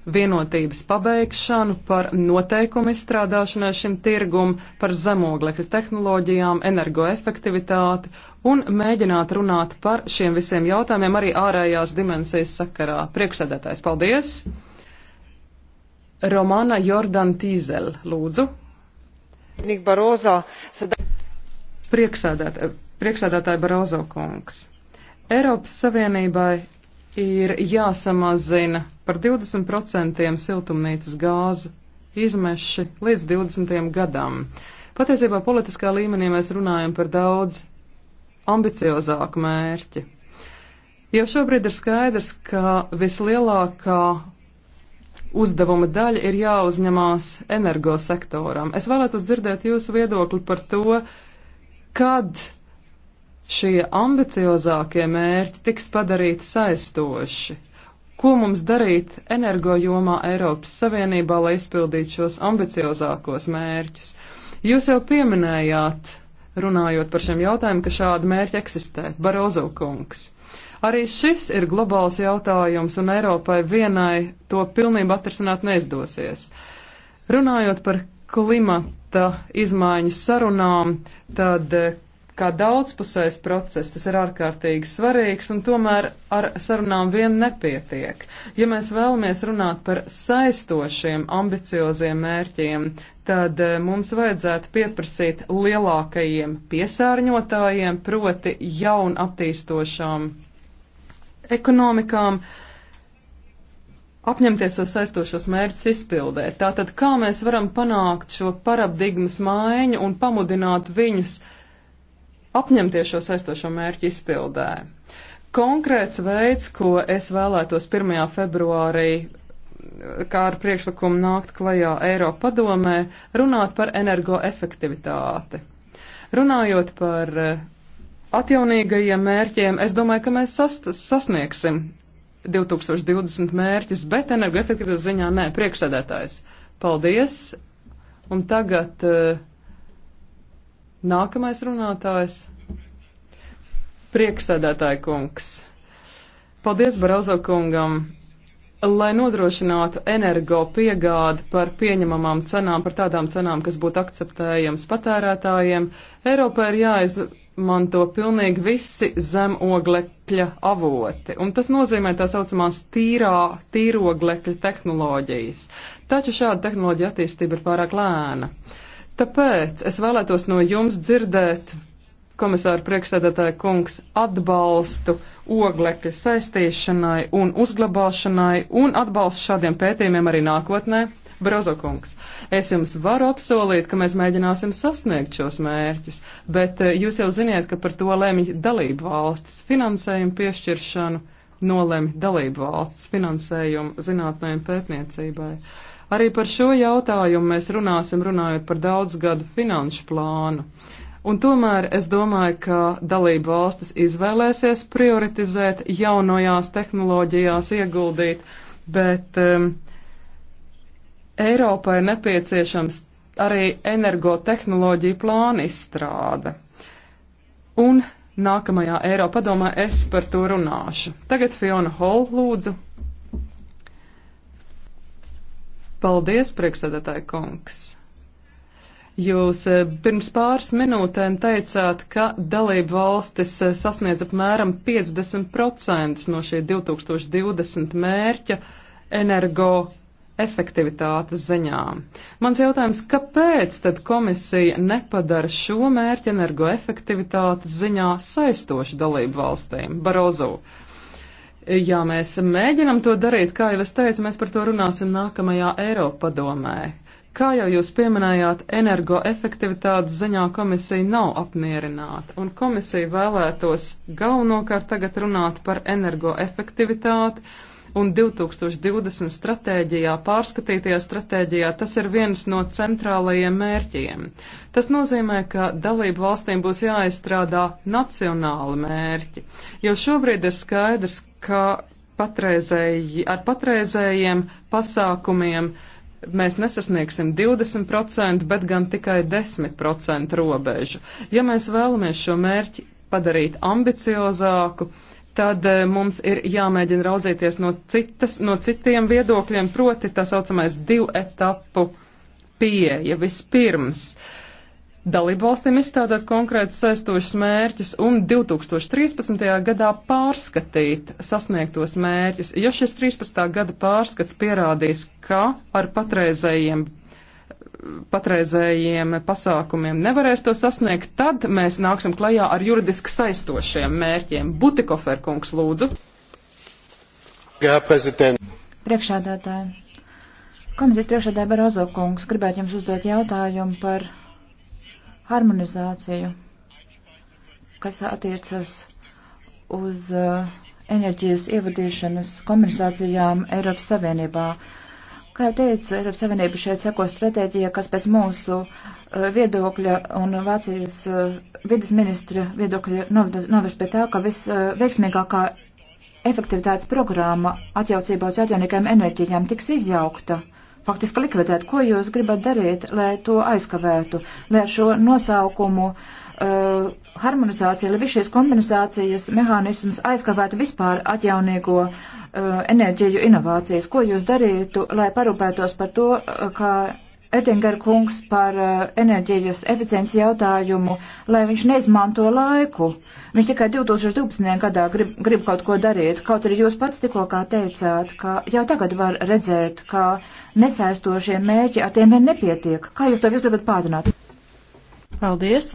vienotības pabeigšanu, par noteikumu izstrādāšanai šim tirgum, par zemoglekļa tehnoloģijām, energoefektivitāti un mēģināt runāt par šiem visiem jautājumiem arī ārējās dimensijas sakarā. Priekšsēdētājs, paldies! Romana Jordan Tīzel, lūdzu. Priekšsēdētāji Barozo kungs. Eiropas Savienībai ir jāsamazina par 20% siltumnīcas gāzu izmeši līdz 20. gadam. Patiesībā politiskā līmenī mēs runājam par daudz ambiciozāku mērķi. Jau šobrīd ir skaidrs, ka vislielākā uzdevuma daļa ir jāuzņemās energosektoram. Es vēlētos dzirdēt jūsu viedokli par to, kad šie ambiciozākie mērķi tiks padarīti saistoši. Ko mums darīt energojomā Eiropas Savienībā, lai izpildītu šos ambiciozākos mērķus? Jūs jau pieminējāt, runājot par šiem jautājumiem, ka šādi mērķi eksistē. Barozo kungs. Arī šis ir globāls jautājums, un Eiropai vienai to pilnībā atrisināt neizdosies. Runājot par klimata izmaiņu sarunām, tad kā daudzpusējs process, tas ir ārkārtīgi svarīgs, un tomēr ar sarunām vien nepietiek. Ja mēs vēlamies runāt par saistošiem, ambicioziem mērķiem, tad eh, mums vajadzētu pieprasīt lielākajiem piesārņotājiem, proti jaun attīstošām ekonomikām, apņemties savus saistošos mērķus izpildēt. Tātad, kā mēs varam panākt šo paradigmas maiņu un pamudināt viņus uh, apņemties šo saistošo mērķu izpildē. Konkrēts veids, ko es vēlētos 1. februārī kā ar priekšlikumu nākt klajā Eiropa padomē, runāt par energoefektivitāti. Runājot par eh, atjaunīgajiem mērķiem, es domāju, ka mēs sas sasniegsim 2020 mērķus, bet energoefektivitātes ziņā nē, priekšsēdētājs. Paldies! Un tagad uh, Nākamais runātājs - prieksēdētāja kungs. Paldies Barozo kungam lai nodrošinātu energo piegādi par pieņemamām cenām, par tādām cenām, kas būtu akceptējams patērētājiem, Eiropā ir jāizmanto pilnīgi visi zemoglekļa avoti, un tas nozīmē tā saucamās tīrā, tīroglekļa tehnoloģijas. Taču šāda tehnoloģija attīstība ir pārāk lēna. Uh, Tāpēc es vēlētos no jums dzirdēt, komisāra priekšsēdētāja kungs, atbalstu oglekļa saistīšanai un uzglabāšanai un atbalstu šādiem pētījumiem arī nākotnē. Brozokungs, es jums varu apsolīt, ka mēs mēģināsim sasniegt šos mērķus, bet eh, jūs jau ziniet, ka par to lemj dalību valstis finansējumu piešķiršanu, nolemj dalību valsts finansējumu zinātnēm pētniecībai. Uh, Arī par šo jautājumu mēs runāsim runājot par daudzgadu finanšu plānu. Un tomēr es domāju, ka dalību valstis izvēlēsies prioritizēt jaunajās tehnoloģijās ieguldīt, bet um, Eiropai ir nepieciešams arī energotehnoloģija plāna izstrāde. Un nākamajā Eiropadomā es par to runāšu. Tagad Fiona Hall lūdzu Paldies, priekšsēdētāji kungs! Jūs eh, pirms pāris minūtēm teicāt, ka dalību valstis eh, sasniedz apmēram 50% no šī 2020 mērķa energo efektivitātes ziņā. Mans jautājums, kāpēc tad komisija nepadara šo mērķu energoefektivitātes ziņā saistošu dalību valstīm? Barozo, Ja mēs mēģinam to darīt, kā jau es teicu, mēs par to runāsim nākamajā Eiropa padomē. Kā jau jūs pieminējāt, energoefektivitātes ziņā komisija nav apmierināta, un komisija vēlētos galvenokārt tagad runāt par energoefektivitāti, un 2020 stratēģijā, pārskatītajā stratēģijā, tas ir viens no centrālajiem mērķiem. Tas nozīmē, ka dalību valstīm būs jāizstrādā nacionāli mērķi, jo šobrīd ir skaidrs, ka patreizēji, ar patreizējiem pasākumiem mēs nesasniegsim 20%, bet gan tikai 10% robežu. Ja mēs vēlamies šo mērķi padarīt ambiciozāku, tad eh, mums ir jāmēģina raudzīties no, citas, no citiem viedokļiem, proti tā saucamais divu etapu pieeja vispirms. Uh, dalībvalstīm izstādāt konkrētus saistošus mērķus un 2013. gadā pārskatīt sasniegtos mērķus. Ja šis 13. gada pārskats pierādīs, ka ar patreizējiem, patreizējiem pasākumiem nevarēs to sasniegt, tad mēs nāksim klajā ar juridiski saistošiem mērķiem. Butikofer kungs, lūdzu. Jā, prezident. Priekšādātāji. Komisijas priekšādātāja Barozo kungs gribētu jums uzdot jautājumu par harmonizāciju, kas attiecas uz uh, enerģijas ievadīšanas kompensācijām Eiropas Savienībā. Kā jau teicu, Eiropas Savienība šeit seko stratēģija, kas pēc mūsu uh, viedokļa un Vācijas uh, vidas ministra viedokļa novest pie tā, ka visveiksmīgākā efektivitātes programma atjaucībā uz atjaunīgajām enerģijām tiks izjaukta. Uh, faktiski likvidēt. Ko jūs gribat darīt, lai to aizkavētu, lai šo nosaukumu uh, harmonizācija, lai viss šīs kompensācijas mehānisms aizkavētu vispār atjaunīgo uh, enerģiju inovācijas? Ko jūs darītu, lai parūpētos par to, uh, kā Edingera kungs par eh, enerģijas eficienci jautājumu, lai viņš neizmanto laiku. Viņš tikai 2012. gadā grib, grib kaut ko darīt, kaut arī jūs pats tikko kā teicāt, ka jau tagad var redzēt, ka nesaistošie mēķi ar tiem vien nepietiek. Kā jūs to visu gribat pādināt? Paldies!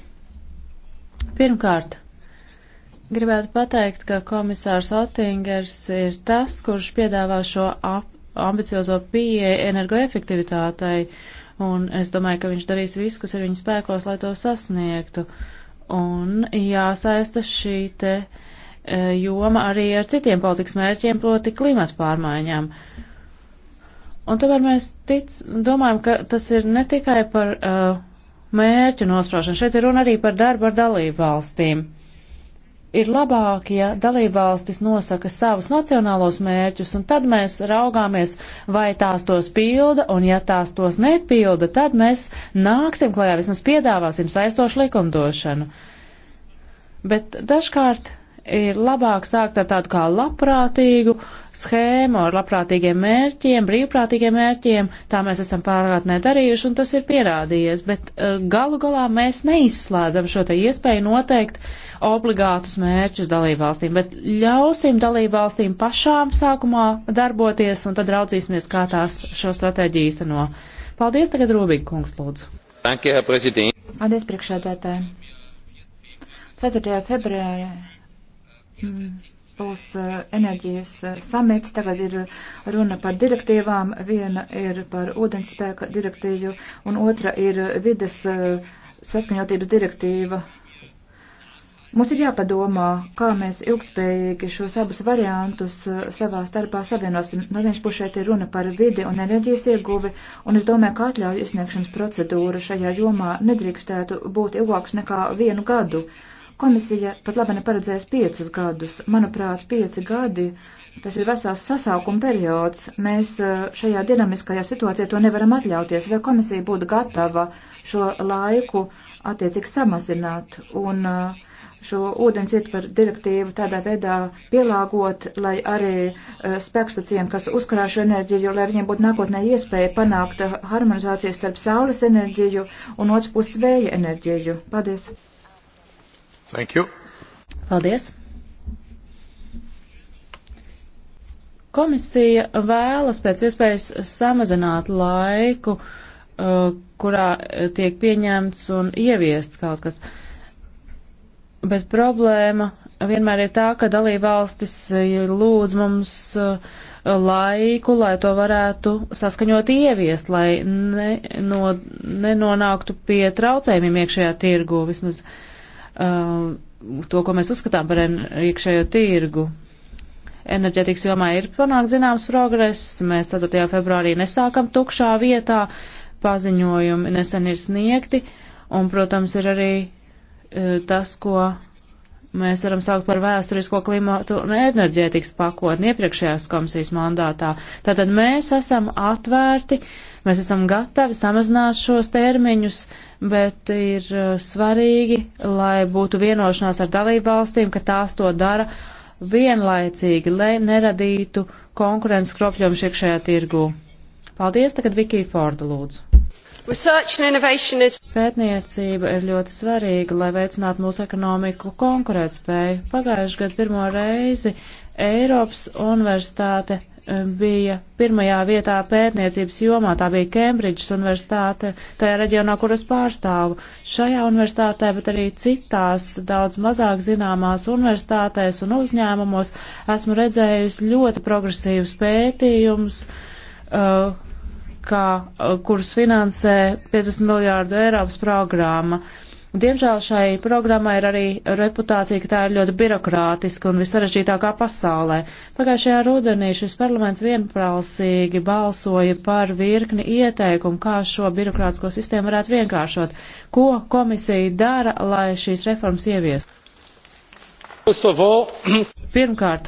Pirmkārt, gribētu pateikt, ka komisārs Otingers ir tas, kurš piedāvā šo ap ambiciozo pieeja energoefektivitātei un es domāju, ka viņš darīs visu, kas ir viņa spēkos, lai to sasniegtu. Un jāsaista šī te e, joma arī ar citiem politikas mērķiem, proti klimata pārmaiņām. Un tomēr mēs tic, domājam, ka tas ir ne tikai par uh, mērķu nospraušanu, šeit ir runa arī par darbu ar dalību valstīm. Uh, ir labāk, ja dalībvalstis nosaka savus nacionālos mērķus, un tad mēs raugāmies, vai tās tos pilda, un ja tās tos nepilda, tad mēs nāksim klajā, vismaz piedāvāsim saistošu likumdošanu. Bet dažkārt ir labāk sākt ar tādu kā labprātīgu schēmu, ar labprātīgiem mērķiem, brīvprātīgiem mērķiem. Tā mēs esam pārgātnē darījuši, un tas ir pierādījies. Bet uh, galu galā mēs neizslēdzam šo te iespēju noteikt uh, obligātus mērķus dalībvalstīm, bet ļausim dalībvalstīm pašām sākumā darboties un tad raudzīsimies, kā tās šo stratēģiju īsteno. Paldies tagad Rūbīgi, kungs, lūdzu. Danke, Herr Präsident. Paldies, priekšsēdētāji. 4. februārī. Mm būs eh, enerģijas eh, samits, tagad ir runa par direktīvām, viena ir par ūdenspēka direktīvu un otra ir vides eh, saskaņotības direktīva Mums ir jāpadomā, kā mēs ilgspējīgi šos abus variantus uh, savā starpā savienosim. No vienas puses šeit ir runa par vidi un enerģijas ieguvi, un es domāju, ka atļauju izsniegšanas procedūra šajā jomā nedrīkstētu būt ilgāks nekā vienu gadu. Komisija pat labi neparedzēs piecus gadus. Manuprāt, pieci gadi tas ir vesels sasaukuma periods. Mēs uh, šajā dinamiskajā situācijā to nevaram atļauties. Vai komisija būtu gatava šo laiku attiecīgi samazināt? Un, uh, šo ūdens ietveru direktīvu tādā veidā pielāgot, lai arī uh, spēkstacijiem, kas uzkrā šo enerģiju, lai viņiem būtu nākotnē iespēja panākt eh, harmonizāciju starp saules enerģiju un otrs puses vēja enerģiju. Paldies! Thank you! Paldies! Komisija vēlas pēc iespējas samazināt laiku, uh, kurā tiek pieņemts un ieviests kaut kas. Uh, Bet problēma vienmēr ir tā, ka dalībvalstis eh, lūdz mums eh, laiku, lai to varētu saskaņot ieviest, lai ne, no, nenonāktu pie traucējumiem iekšējā tirgu, vismaz uh, to, ko mēs uzskatām par iekšējo tirgu. Enerģetikas jomā ir panākt zināms progress, mēs 4. februārī nesākam tukšā vietā, paziņojumi nesen ir sniegti, un, protams, ir arī E, tas, ko mēs varam saukt par vēsturisko klimatu un enerģētikas pakotni iepriekšējās komisijas mandātā. Tātad mēs esam atvērti, mēs esam gatavi samazināt šos termiņus, bet ir e, svarīgi, lai būtu vienošanās ar dalību valstīm, ka tās to dara vienlaicīgi, lai neradītu konkurences kropļojumu iekšējā tirgū. Paldies, tagad Vikija Forda lūdzu. Is... Pētniecība ir ļoti svarīga, lai veicinātu mūsu ekonomiku konkurētspēju. Pagājuši gadu pirmo reizi Eiropas universitāte eh, bija pirmajā vietā pētniecības jomā. Tā bija Kembridžas universitāte, tajā reģionā, kur es pārstāvu. Šajā universitātē, bet arī citās daudz mazāk zināmās universitātēs un uzņēmumos esmu redzējusi ļoti progresīvus pētījumus, uh, kā, uh, kurus finansē 50 miljārdu Eiropas programma. Diemžēl šai programmai ir arī reputācija, ka tā ir ļoti birokrātiska un visarežģītākā pasaulē. Pagājušajā rudenī šis parlaments vienprālsīgi balsoja par virkni ieteikumu, kā šo birokrātisko sistēmu varētu vienkāršot. Ko komisija dara, lai šīs reformas ieviestu? Pirmkārt,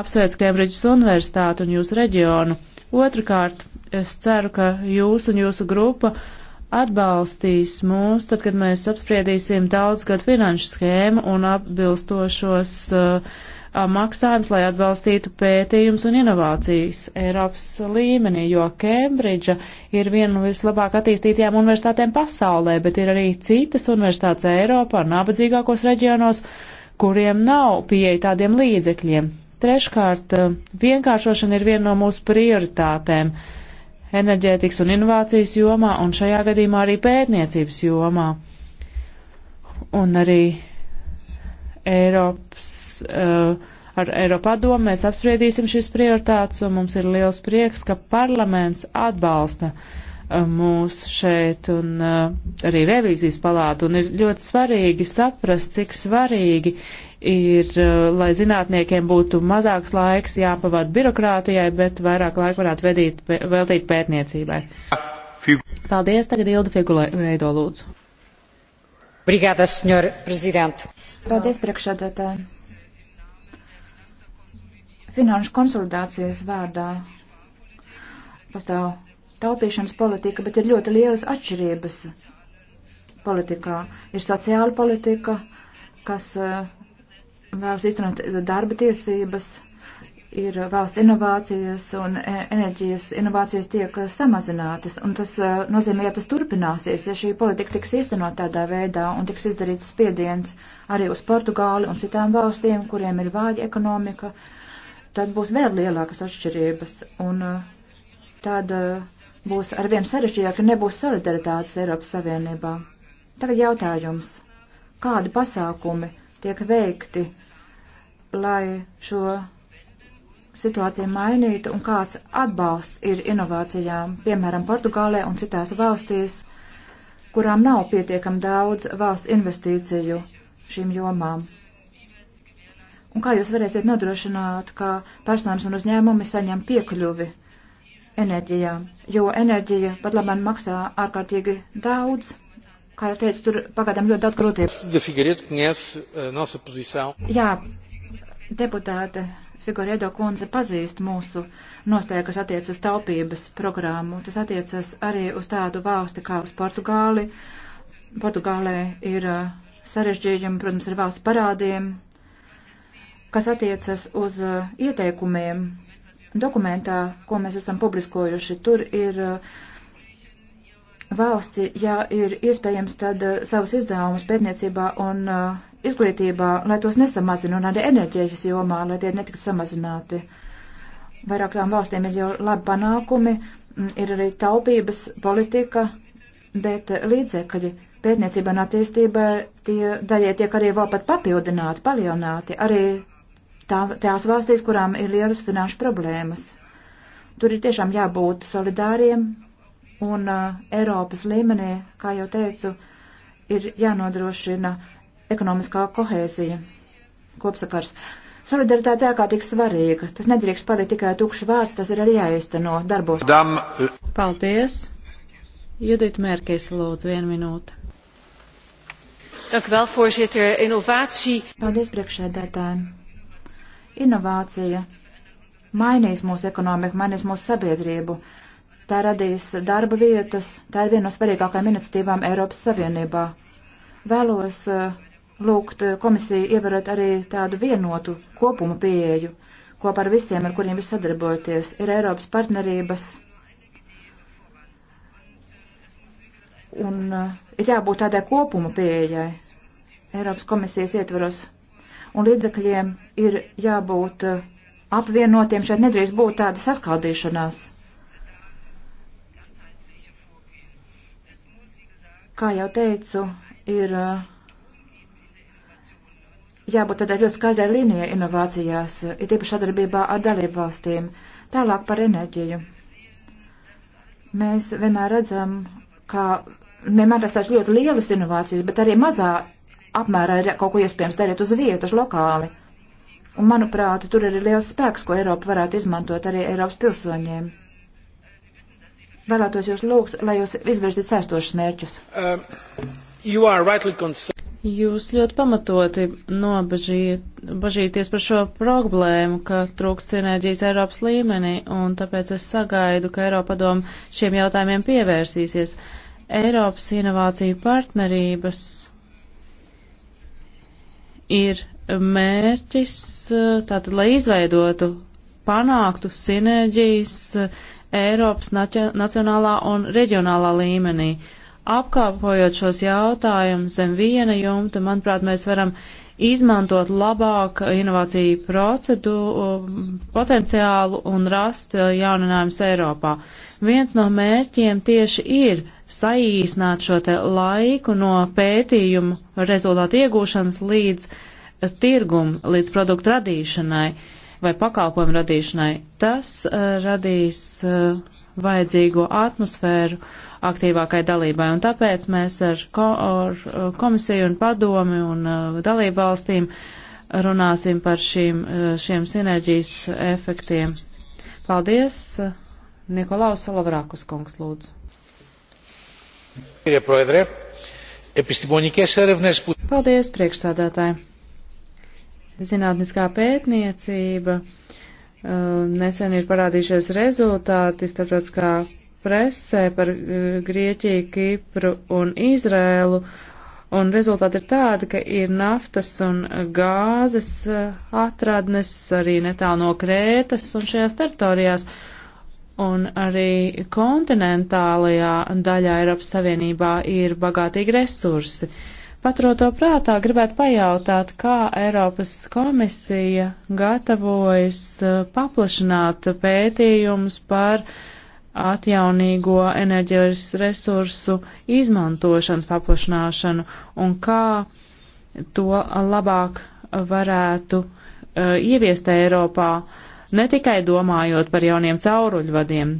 apsveic Kembridžas universitātu un jūsu reģionu. Otrakārt, Es ceru, ka jūs un jūsu grupa atbalstīs mūs, tad, kad mēs apspriedīsim daudzgadu finanšu schēmu un atbilstošos uh, maksājums, lai atbalstītu pētījums un inovācijas Eiropas līmenī, jo Kembridža ir viena no vislabāk attīstītajām universitātēm pasaulē, bet ir arī citas universitātes Eiropā, nabadzīgākos reģionos, kuriem nav pieeja tādiem līdzekļiem. Treškārt, uh, vienkāršošana ir viena no mūsu prioritātēm. Uh, enerģētikas un inovācijas jomā un šajā gadījumā arī pētniecības jomā. Un arī Eiropas, uh, ar Eiropā domu mēs apspriedīsim šīs prioritātes un mums ir liels prieks, ka parlaments atbalsta uh, mūs šeit un uh, arī revīzijas palātu un ir ļoti svarīgi saprast, cik svarīgi ir, eh, lai zinātniekiem būtu mazāks laiks jāpavada birokrātijai, bet vairāk laika varētu vedīt, veltīt pētniecībai. Paldies, tagad Ilda Figuleido lūdzu. Brigāda, senjor prezident. Paldies, priekšādātāji. Finanšu konsolidācijas vārdā pastāv taupīšanas politika, bet ir ļoti lielas atšķirības politikā. Ir sociāla politika, kas uh, vēlas izturēt darba tiesības, ir valsts inovācijas un e, enerģijas inovācijas tiek samazinātas. Un tas e, nozīmē, ja tas turpināsies, ja šī politika tiks īstenot tādā veidā un tiks izdarīts spiediens arī uz Portugāli un citām valstīm, kuriem ir vāja ekonomika, tad būs vēl lielākas atšķirības. Un e, tad būs arvien sarežģījāk, ja nebūs solidaritātes Eiropas Savienībā. Tagad jautājums. Kādi pasākumi? tiek veikti, lai šo situāciju mainītu un kāds atbalsts ir inovācijām, piemēram, Portugālē un citās valstīs, kurām nav pietiekam daudz valsts investīciju šīm jomām. Un kā jūs varēsiet nodrošināt, ka personas un uzņēmumi saņem piekļuvi enerģijām, jo enerģija pat labāk maksā ārkārtīgi daudz Kā jau teicu, tur pagaidām ļoti daudz grūtību. Eh, Jā, deputāte Figuredo kundze pazīst mūsu nostāju, kas attiec uz taupības programmu. Tas attiecas arī uz tādu valsti kā uz Portugāli. Portugālē ir eh, sarežģījumi, protams, ar valsts parādiem, kas attiecas uz eh, ieteikumiem dokumentā, ko mēs esam publiskojuši. Tur ir uh, valsts, ja ir iespējams, tad eh, savus izdevumus pētniecībā un uh, izglītībā, lai tos nesamazina, un arī enerģējas jomā, lai tie netiktu samazināti. Vairākām valstīm ir jau labi panākumi, ir arī taupības politika, bet eh, līdzekļi pētniecībā un attīstībā tie daļai tiek arī vēl pat papildināti, palielināti, arī tā, tās valstīs, kurām ir lielas finanšu problēmas. Tur ir tiešām jābūt solidāriem, un uh, Eiropas līmenī, kā jau teicu, ir jānodrošina ekonomiskā kohēzija, kopsakars. Solidaritāte ārkārtīgi svarīga. Tas nedrīkst palikt tikai tukšs vārds, tas ir arī jāizteno darbos. Dam. Uh, Paldies. Judita Mērkis, lūdzu, vienu minūti. Dank u wel, voorzitter. Innovatie. Paldies, priekšsēdētājiem. Inovācija mainīs mūsu ekonomiku, mainīs mūsu sabiedrību tā radīs darba vietas, tā ir viena no svarīgākajām iniciatīvām Eiropas Savienībā. Vēlos eh, lūgt eh, komisiju ievērot arī tādu vienotu kopumu pieeju, kopā ar visiem, ar kuriem jūs sadarbojaties, ir Eiropas partnerības. Un eh, ir jābūt tādai kopumu pieejai Eiropas komisijas ietvaros. Un līdzekļiem ir jābūt apvienotiem, šeit nedrīkst būt tāda saskaldīšanās kā jau teicu, ir uh, jābūt tādai ļoti skaidrai līnijai inovācijās, ir tīpaši sadarbībā ar dalību valstīm. Tālāk par enerģiju. Mēs vienmēr redzam, ka vienmēr tas tās ļoti lielas inovācijas, bet arī mazā apmērā ir kaut ko iespējams darīt uz vietas, lokāli. Un, manuprāt, tur ir liels spēks, ko Eiropa varētu izmantot arī Eiropas pilsoņiem vēlētos jūs lūgt, lai jūs izvirzītu saistošus mērķus. Um, jūs ļoti pamatoti nobažīties par šo problēmu, ka trūkst sinerģijas Eiropas līmenī, un tāpēc es sagaidu, ka Eiropa doma šiem jautājumiem pievērsīsies. Eiropas inovāciju partnerības ir mērķis, tātad, lai izveidotu, panāktu sinerģijas uh, Eiropas nacionālā un reģionālā līmenī. Apkāpojot šos jautājumus zem viena jumta, manuprāt, mēs varam izmantot labāk inovāciju procedūru potenciālu un rast eh, jauninājumus Eiropā. Viens no mērķiem tieši ir saīsnāt šo te laiku no pētījumu rezultātu iegūšanas līdz eh, tirgumu, līdz produktu radīšanai. Uh, vai pakalpojumu radīšanai, tas uh, radīs uh, vajadzīgo atmosfēru aktīvākai dalībai. Un tāpēc mēs ar, ko, ar uh, komisiju un padomi un uh, dalību valstīm runāsim par šīm, uh, šiem sinerģijas efektiem. Paldies! Uh, Nikolaus Salavrākus kungs lūdzu. Paldies, priekšsēdētāji! zinātniskā pētniecība. Uh, nesen ir parādījušies rezultāti starptautiskā presē par uh, Grieķiju, Kipru un Izrēlu. Un rezultāti ir tādi, ka ir naftas un gāzes uh, atradnes arī netālu no Krētas un šajās teritorijās. Un arī kontinentālajā daļā Eiropas Savienībā ir bagātīgi resursi. Uh, Paturot to prātā, gribētu pajautāt, kā Eiropas komisija gatavojas uh, paplašināt pētījumus par atjaunīgo enerģijas resursu izmantošanas paplašināšanu un kā to labāk varētu uh, ieviest Eiropā, ne tikai domājot par jauniem cauruļvadiem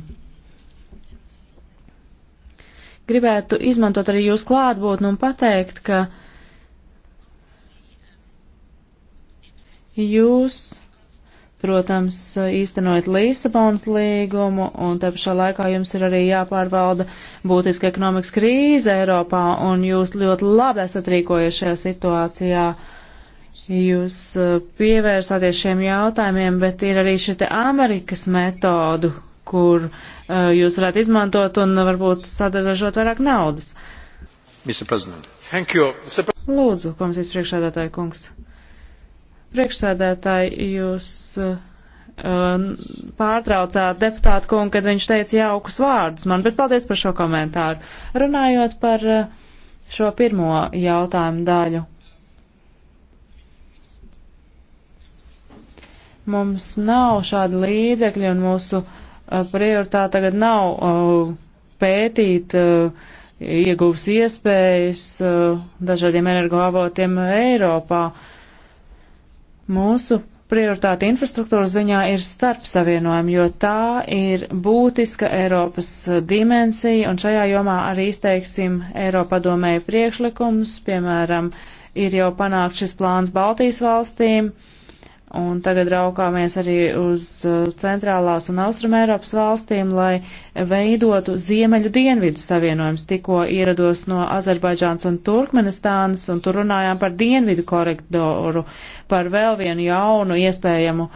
gribētu izmantot arī jūs klātbūtni un pateikt, ka jūs, protams, īstenojat Līsabonas līgumu un te pašā laikā jums ir arī jāpārvalda būtiska ekonomikas krīze Eiropā un jūs ļoti labi esat rīkojies šajā situācijā. Jūs eh, pievērsāties šiem jautājumiem, bet ir arī šī Amerikas metodu kur uh, jūs varētu izmantot un varbūt sadaražot vairāk naudas. Lūdzu, komisijas priekšsēdētāja kungs. Priekšsēdētāji, jūs uh, pārtraucāt deputātu kungu, kad viņš teica jaukus vārdus man, bet paldies par šo komentāru. Runājot par uh, šo pirmo jautājumu daļu. Mums nav šādi līdzekļi un mūsu uh, Eh, prioritāte tagad nav eh, pētīt eh, ieguvas iespējas dažādiem energoavotiem Eiropā. Mūsu prioritāte infrastruktūras ziņā ir starp savienojumu, jo tā ir būtiska Eiropas dimensija, un šajā jomā arī izteiksim Eiropadomēju priekšlikumus, piemēram, ir jau panākt šis plāns Baltijas valstīm. Uh, Un tagad raukāmies arī uz uh, centrālās un austrum Eiropas valstīm, lai veidotu ziemeļu dienvidu savienojums. Tikko ierados no Azerbaidžāns un Turkmenistānas, un tur runājām par dienvidu korektoru, par vēl vienu jaunu iespējamu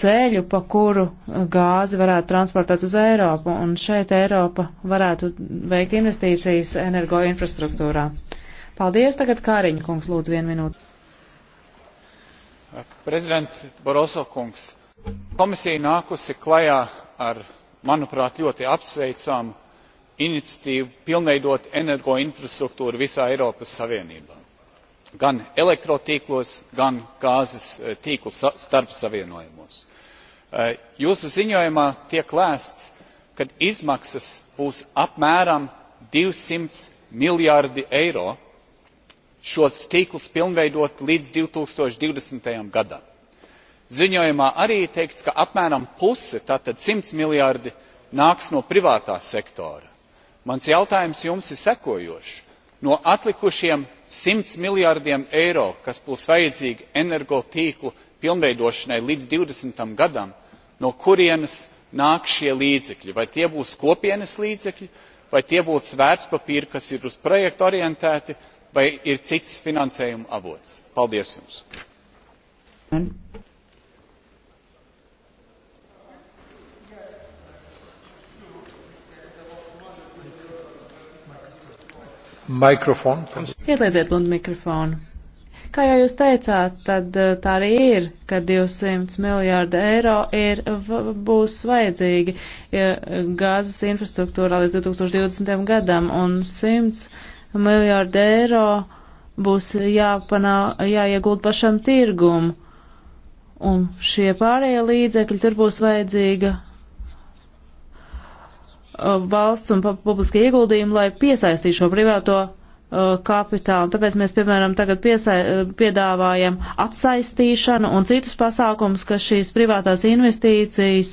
ceļu, pa kuru gāzi varētu transportēt uz Eiropu. Un šeit Eiropa varētu veikt investīcijas energoinfrastruktūrā. Paldies, tagad Kāriņa kungs, lūdzu, vienu minūti prezident baroso kungs komisija nākusi klajā ar manuprāt ļoti apsveicamu iniciatīvu pilnveidot energoinfrastruktūru visā eiropas savienībā gan elektrotīklos gan gāzes eh, tīklu starpsavienojumos. Eh, jūsu ziņojumā tiek lēsts ka izmaksas būs apmēram divi simti miljardi eiro šos tīklus pilnveidot līdz. two thousand and twenty gadam. ziņojumā arī ir teikts ka apmēram puse tātad simts miljardi nāks no privātā sektora. mans jautājums jums ir sekojošs no atlikušiem simts miljardiem eiro kas būs vajadzīgi energotīklu pilnveidošanai līdz. two thousand and twenty gadam no kurienes nāk šie līdzekļi? vai tie būs kopienes līdzekļi vai tie būs vērtspapīri kas ir uz projektu orientēti vai ir cits finansējuma avots? Paldies jums! Ieslēdziet, lūdzu, mikrofonu. Kā jau jūs teicāt, tad eh, tā arī ir, ka 200 miljārdi eiro ir, būs vajadzīgi ja eh, gāzes infrastruktūrā līdz 2020. gadam un 100 miljārdu eiro būs jāpanā, jāiegūt pašam tirgumu. Un šie pārējie līdzekļi tur būs vajadzīga uh, valsts un publiskie ieguldījumi, lai piesaistītu šo privāto uh, kapitālu. Tāpēc mēs, piemēram, tagad piesai, uh, piedāvājam atsaistīšanu un citus pasākumus, kas šīs privātās investīcijas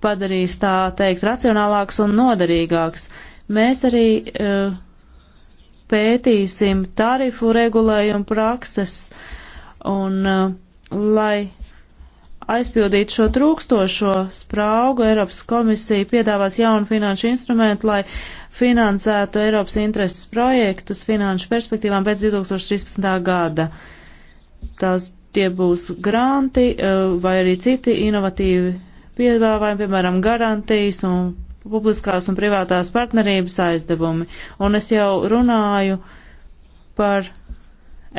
padarīs tā teikt racionālāks un noderīgāks. Mēs arī uh, pētīsim tarifu regulējumu prakses un uh, lai aizpildīt šo trūkstošo spraugu, Eiropas komisija piedāvās jaunu finanšu instrumentu, lai finansētu Eiropas intereses projektus finanšu perspektīvām pēc 2013. gada. Tās tie būs granti uh, vai arī citi inovatīvi piedāvājumi, piemēram, garantijas un publiskās un privātās partnerības aizdevumi. Un es jau runāju par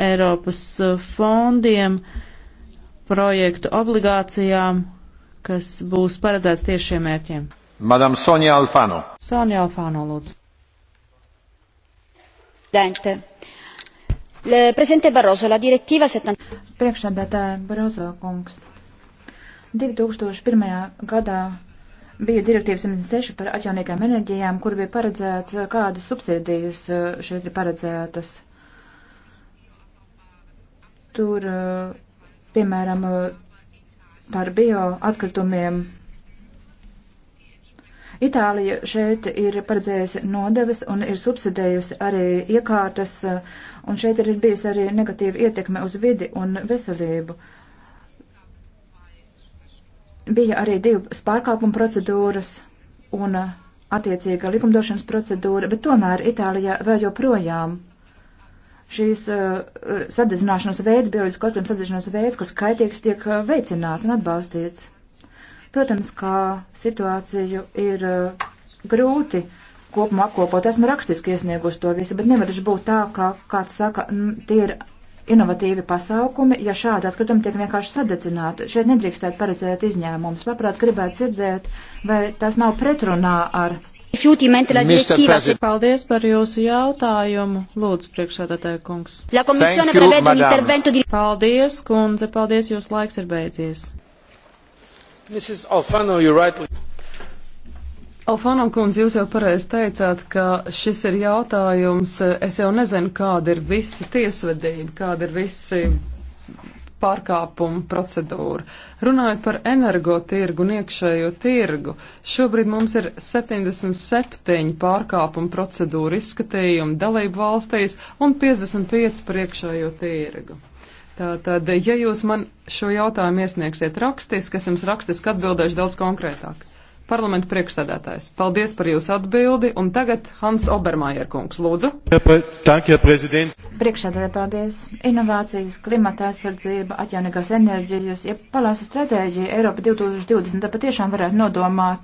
Eiropas uh, fondiem, projektu obligācijām, kas būs paredzēts tieši šiem mērķiem. Madam Sonja Alfano. Sonja Alfano, lūdzu. Dente. Le prezidente Barroso, la direktīva 70. Priekšsēdētāja Barroso kungs. 2001. gadā bija direktīva 76 par atjaunīgām enerģijām, kur bija paredzēts, eh, kādas subsīdijas eh, šeit ir paredzētas. Tur, eh, piemēram, par bio atkritumiem. Itālija šeit ir paredzējusi nodevis un ir subsidējusi arī iekārtas, un šeit ir bijis arī negatīva ietekme uz vidi un veselību. Uh, bija arī divas pārkāpuma procedūras un uh, attiecīga likumdošanas procedūra, bet tomēr Itālijā vēl joprojām šīs uh, uh sadedzināšanas veids, bioloģisko atkritumu sadedzināšanas veids, kas kaitīgs, tiek uh, veicināts un atbalstīts. Protams, kā situāciju ir uh, grūti kopumā apkopot. Esmu rakstiski iesniegusi to visu, bet nevarš būt tā, ka kāds saka, tie ir inovatīvi pasaukumi, ja šādi atkritumi tiek vienkārši sadedzināti. Šeit nedrīkstētu paredzēt izņēmumus. Labprāt, gribētu dzirdēt, vai tas nav pretrunā ar. Paldies par jūsu jautājumu. Lūdzu, priekšsēdētāja kungs. You, paldies, kundze, paldies, jūsu laiks ir beidzies. Mrs. Alfano, you're right. Alfānam kundze, jūs jau pareizi teicāt, ka šis ir jautājums, es jau nezinu, kāda ir visa tiesvedība, kāda ir visi pārkāpuma procedūra. Runājot par energotirgu un iekšējo tirgu, šobrīd mums ir 77 pārkāpuma procedūra izskatījumi dalību valstīs un 55 par iekšējo tirgu. Tātad, ja jūs man šo jautājumu iesniegsiet rakstiski, es jums rakstiski atbildēšu daudz konkrētāk parlamenta priekšsēdētājs. Paldies par jūsu atbildi, un tagad Hans Obermajer kungs, lūdzu. Priekšsēdētāji, paldies. Inovācijas, klimata aizsardzība, atjaunīgās enerģijas, ja palāsa stratēģija Eiropa 2020, tad patiešām varētu nodomāt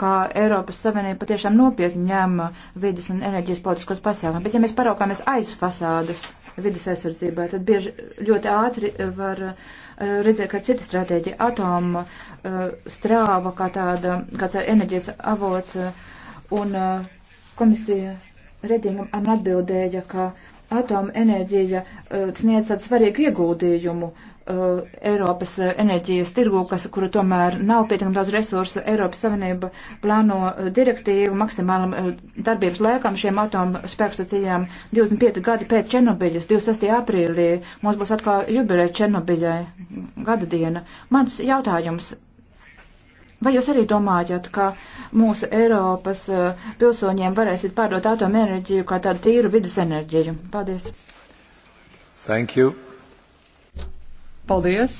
ka Eiropas Savienība patiešām nopietni ņem vidas un enerģijas politiskos pasākumus. Bet ja mēs paraugāmies aiz fasādes vidas aizsardzībai, tad bieži ļoti ātri var uh, redzēja, ka ir cita stratēģija, atoma eh, strāva kā tāda, kāds enerģijas avots, eh, un eh, komisija Redingam atbildēja, ka atoma enerģija sniedz tādu svarīgu ieguldījumu uh, uh, Eiropas uh, enerģijas tirgu, kas, kura tomēr nav pietiekami daudz resursu. Eiropas Savienība plāno uh, direktīvu maksimālam uh, darbības laikam šiem atomspēkstacijām 25 gadi pēc Černobiļas, 26. aprīlī. Mums būs atkal jubilē Černobiļai gada diena. Mans jautājums Vai jūs arī domājat, ka mūsu Eiropas uh, pilsoņiem varēsiet pārdot atomenerģiju kā tādu tīru vidas enerģiju? Paldies! Thank you. Paldies!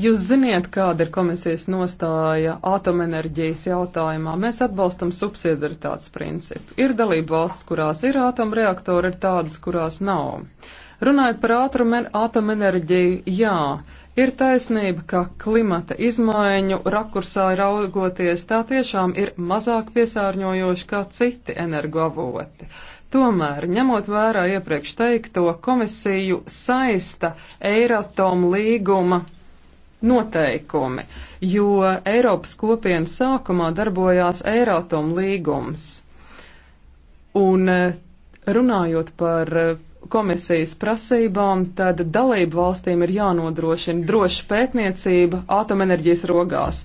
Jūs ziniet, kāda ir komisijas nostāja atomenerģijas jautājumā. Mēs atbalstam subsidiaritātes principu. Ir dalība valsts, kurās ir atomreaktori, ir tādas, kurās nav. Runājot par atomenerģiju, jā, ir taisnība, ka klimata izmaiņu rakursā raugoties tā tiešām ir mazāk piesārņojoši kā citi energoavoti. Tomēr, ņemot vērā iepriekš teikto, komisiju saista Eiratom līguma noteikumi, jo Eiropas kopienas sākumā darbojās Eiratom līgums. Un eh, runājot par eh, komisijas prasībām, tad dalību valstīm ir jānodrošina droša pētniecība atomenerģijas rogās.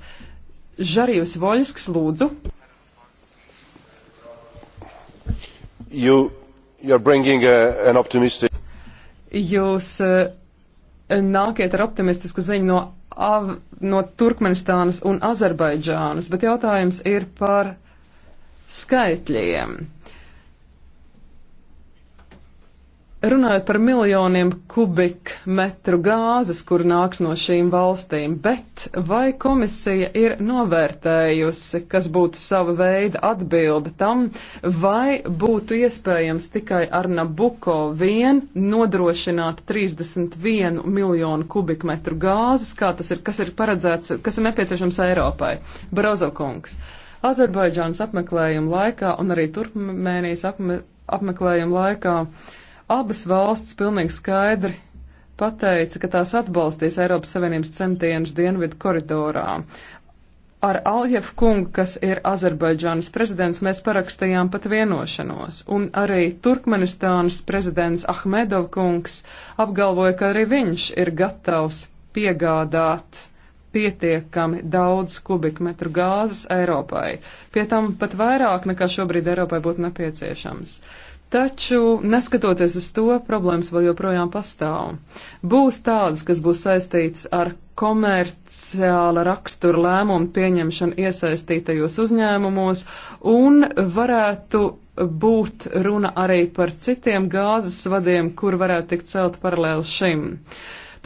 Žarijus Voļsks lūdzu. You, uh, a, optimistic... Jūs uh, nākiet ar optimistisku ziņu no, av, no Turkmenistānas un Azerbaidžānas, bet jautājums ir par skaitļiem. Runājot par miljoniem kubikmetru gāzes, kur nāks no šīm valstīm, bet vai komisija ir novērtējusi, kas būtu sava veida atbilde tam, vai būtu iespējams tikai ar Nabuko vien nodrošināt 31 miljonu kubikmetru gāzes, kā tas ir, kas ir paredzēts, kas ir nepieciešams Eiropai? Brozokungs. Azerbaidžānas apmeklējuma laikā un arī Turkmēnijas apme, apmeklējuma laikā uh, Abas valsts pilnīgi skaidri pateica, ka tās atbalstīs Eiropas Savienības centienus dienvidu koridorā. Ar Aljev kungu, kas ir Azerbaidžānas prezidents, mēs parakstījām pat vienošanos, un arī Turkmenistānas prezidents Ahmedov kungs apgalvoja, ka arī viņš ir gatavs piegādāt pietiekami daudz kubikmetru gāzes Eiropai, pie tam pat vairāk nekā šobrīd Eiropai būtu nepieciešams. Uh, Taču, neskatoties uz to, problēmas vēl joprojām pastāv. Būs tādas, kas būs saistītas ar komerciāla rakstura lēmumu pieņemšanu iesaistītajos uzņēmumos, un varētu būt runa arī par citiem gāzes vadiem, kur varētu tikt celt paralēli šim.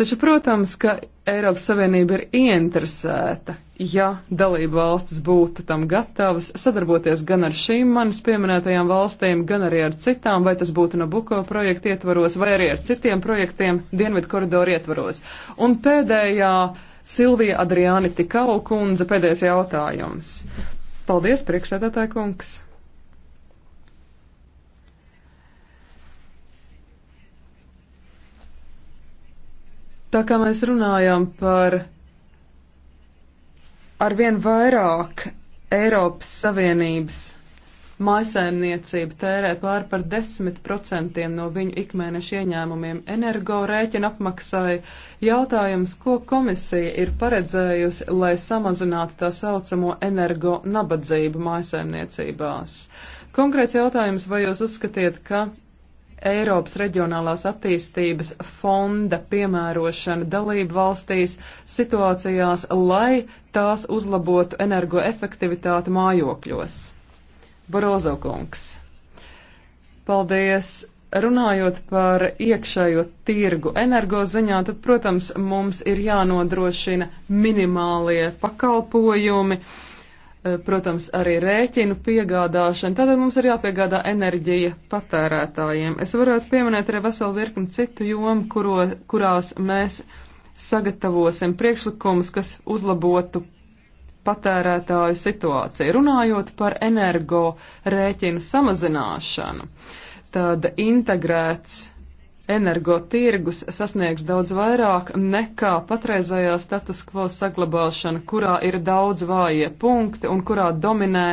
Taču, protams, ka Eiropas Savienība ir ieinteresēta, ja dalība valstis būtu tam gatavas sadarboties gan ar šīm manis pieminētajām valstīm, gan arī ar citām, vai tas būtu Nabuko projekta ietvaros, vai arī ar citiem projektiem Dienvidu koridoru ietvaros. Un pēdējā Silvija Adriāni Tikau kundze pēdējais jautājums. Paldies, priekšsēdētāja kungs! Tā kā mēs runājam par arvien vairāk Eiropas Savienības mājsaimniecība tērē pār par 10% no viņu ikmēneša ieņēmumiem energo rēķina apmaksai. Jautājums, ko komisija ir paredzējusi, lai samazinātu tā saucamo energo nabadzību mājsaimniecībās? Konkrēts jautājums, vai jūs uzskatiet, ka Eiropas reģionālās attīstības fonda piemērošana dalību valstīs situācijās, lai tās uzlabotu energoefektivitāti mājokļos. Barozo kungs. Paldies! Runājot par iekšējo tirgu energoziņā, tad, protams, mums ir jānodrošina minimālie pakalpojumi. Uh, Eh, protams, arī rēķinu piegādāšana. Tātad mums ir jāpiegādā enerģija patērētājiem. Es varētu pieminēt arī veselu virkni citu jomu, kuro, kurās mēs sagatavosim priekšlikumus, kas uzlabotu patērētāju situāciju. Runājot par energo rēķinu samazināšanu, tad integrēts energotirgus sasniegs daudz vairāk nekā patreizējā status quo saglabāšana, kurā ir daudz vājie punkti un kurā dominē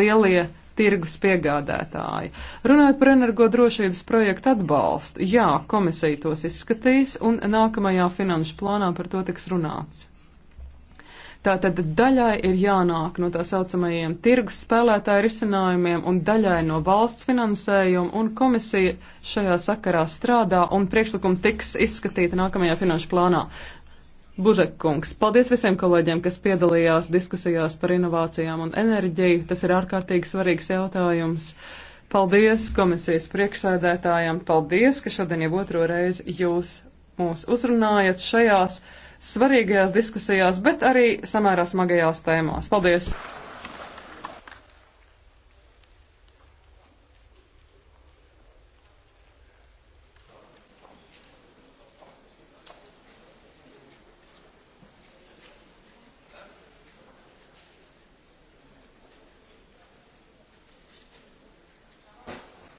lielie tirgus piegādētāji. Runājot par energodrošības projektu atbalstu, jā, komisija tos izskatīs un nākamajā finanšu plānā par to tiks runāts. Tātad daļai ir jānāk no tā saucamajiem tirgus spēlētāju risinājumiem un daļai no valsts finansējuma, un komisija šajā sakarā strādā, un priekšlikumi tiks izskatīti nākamajā finanšu plānā. Bužekungs, paldies visiem kolēģiem, kas piedalījās diskusijās par inovācijām un enerģiju. Tas ir ārkārtīgi svarīgs jautājums. Paldies komisijas priekšsēdētājiem, paldies, ka šodien jau otro reizi jūs mūs uzrunājat šajās svarīgajās diskusijās, bet arī samērā smagajās tēmās. Paldies!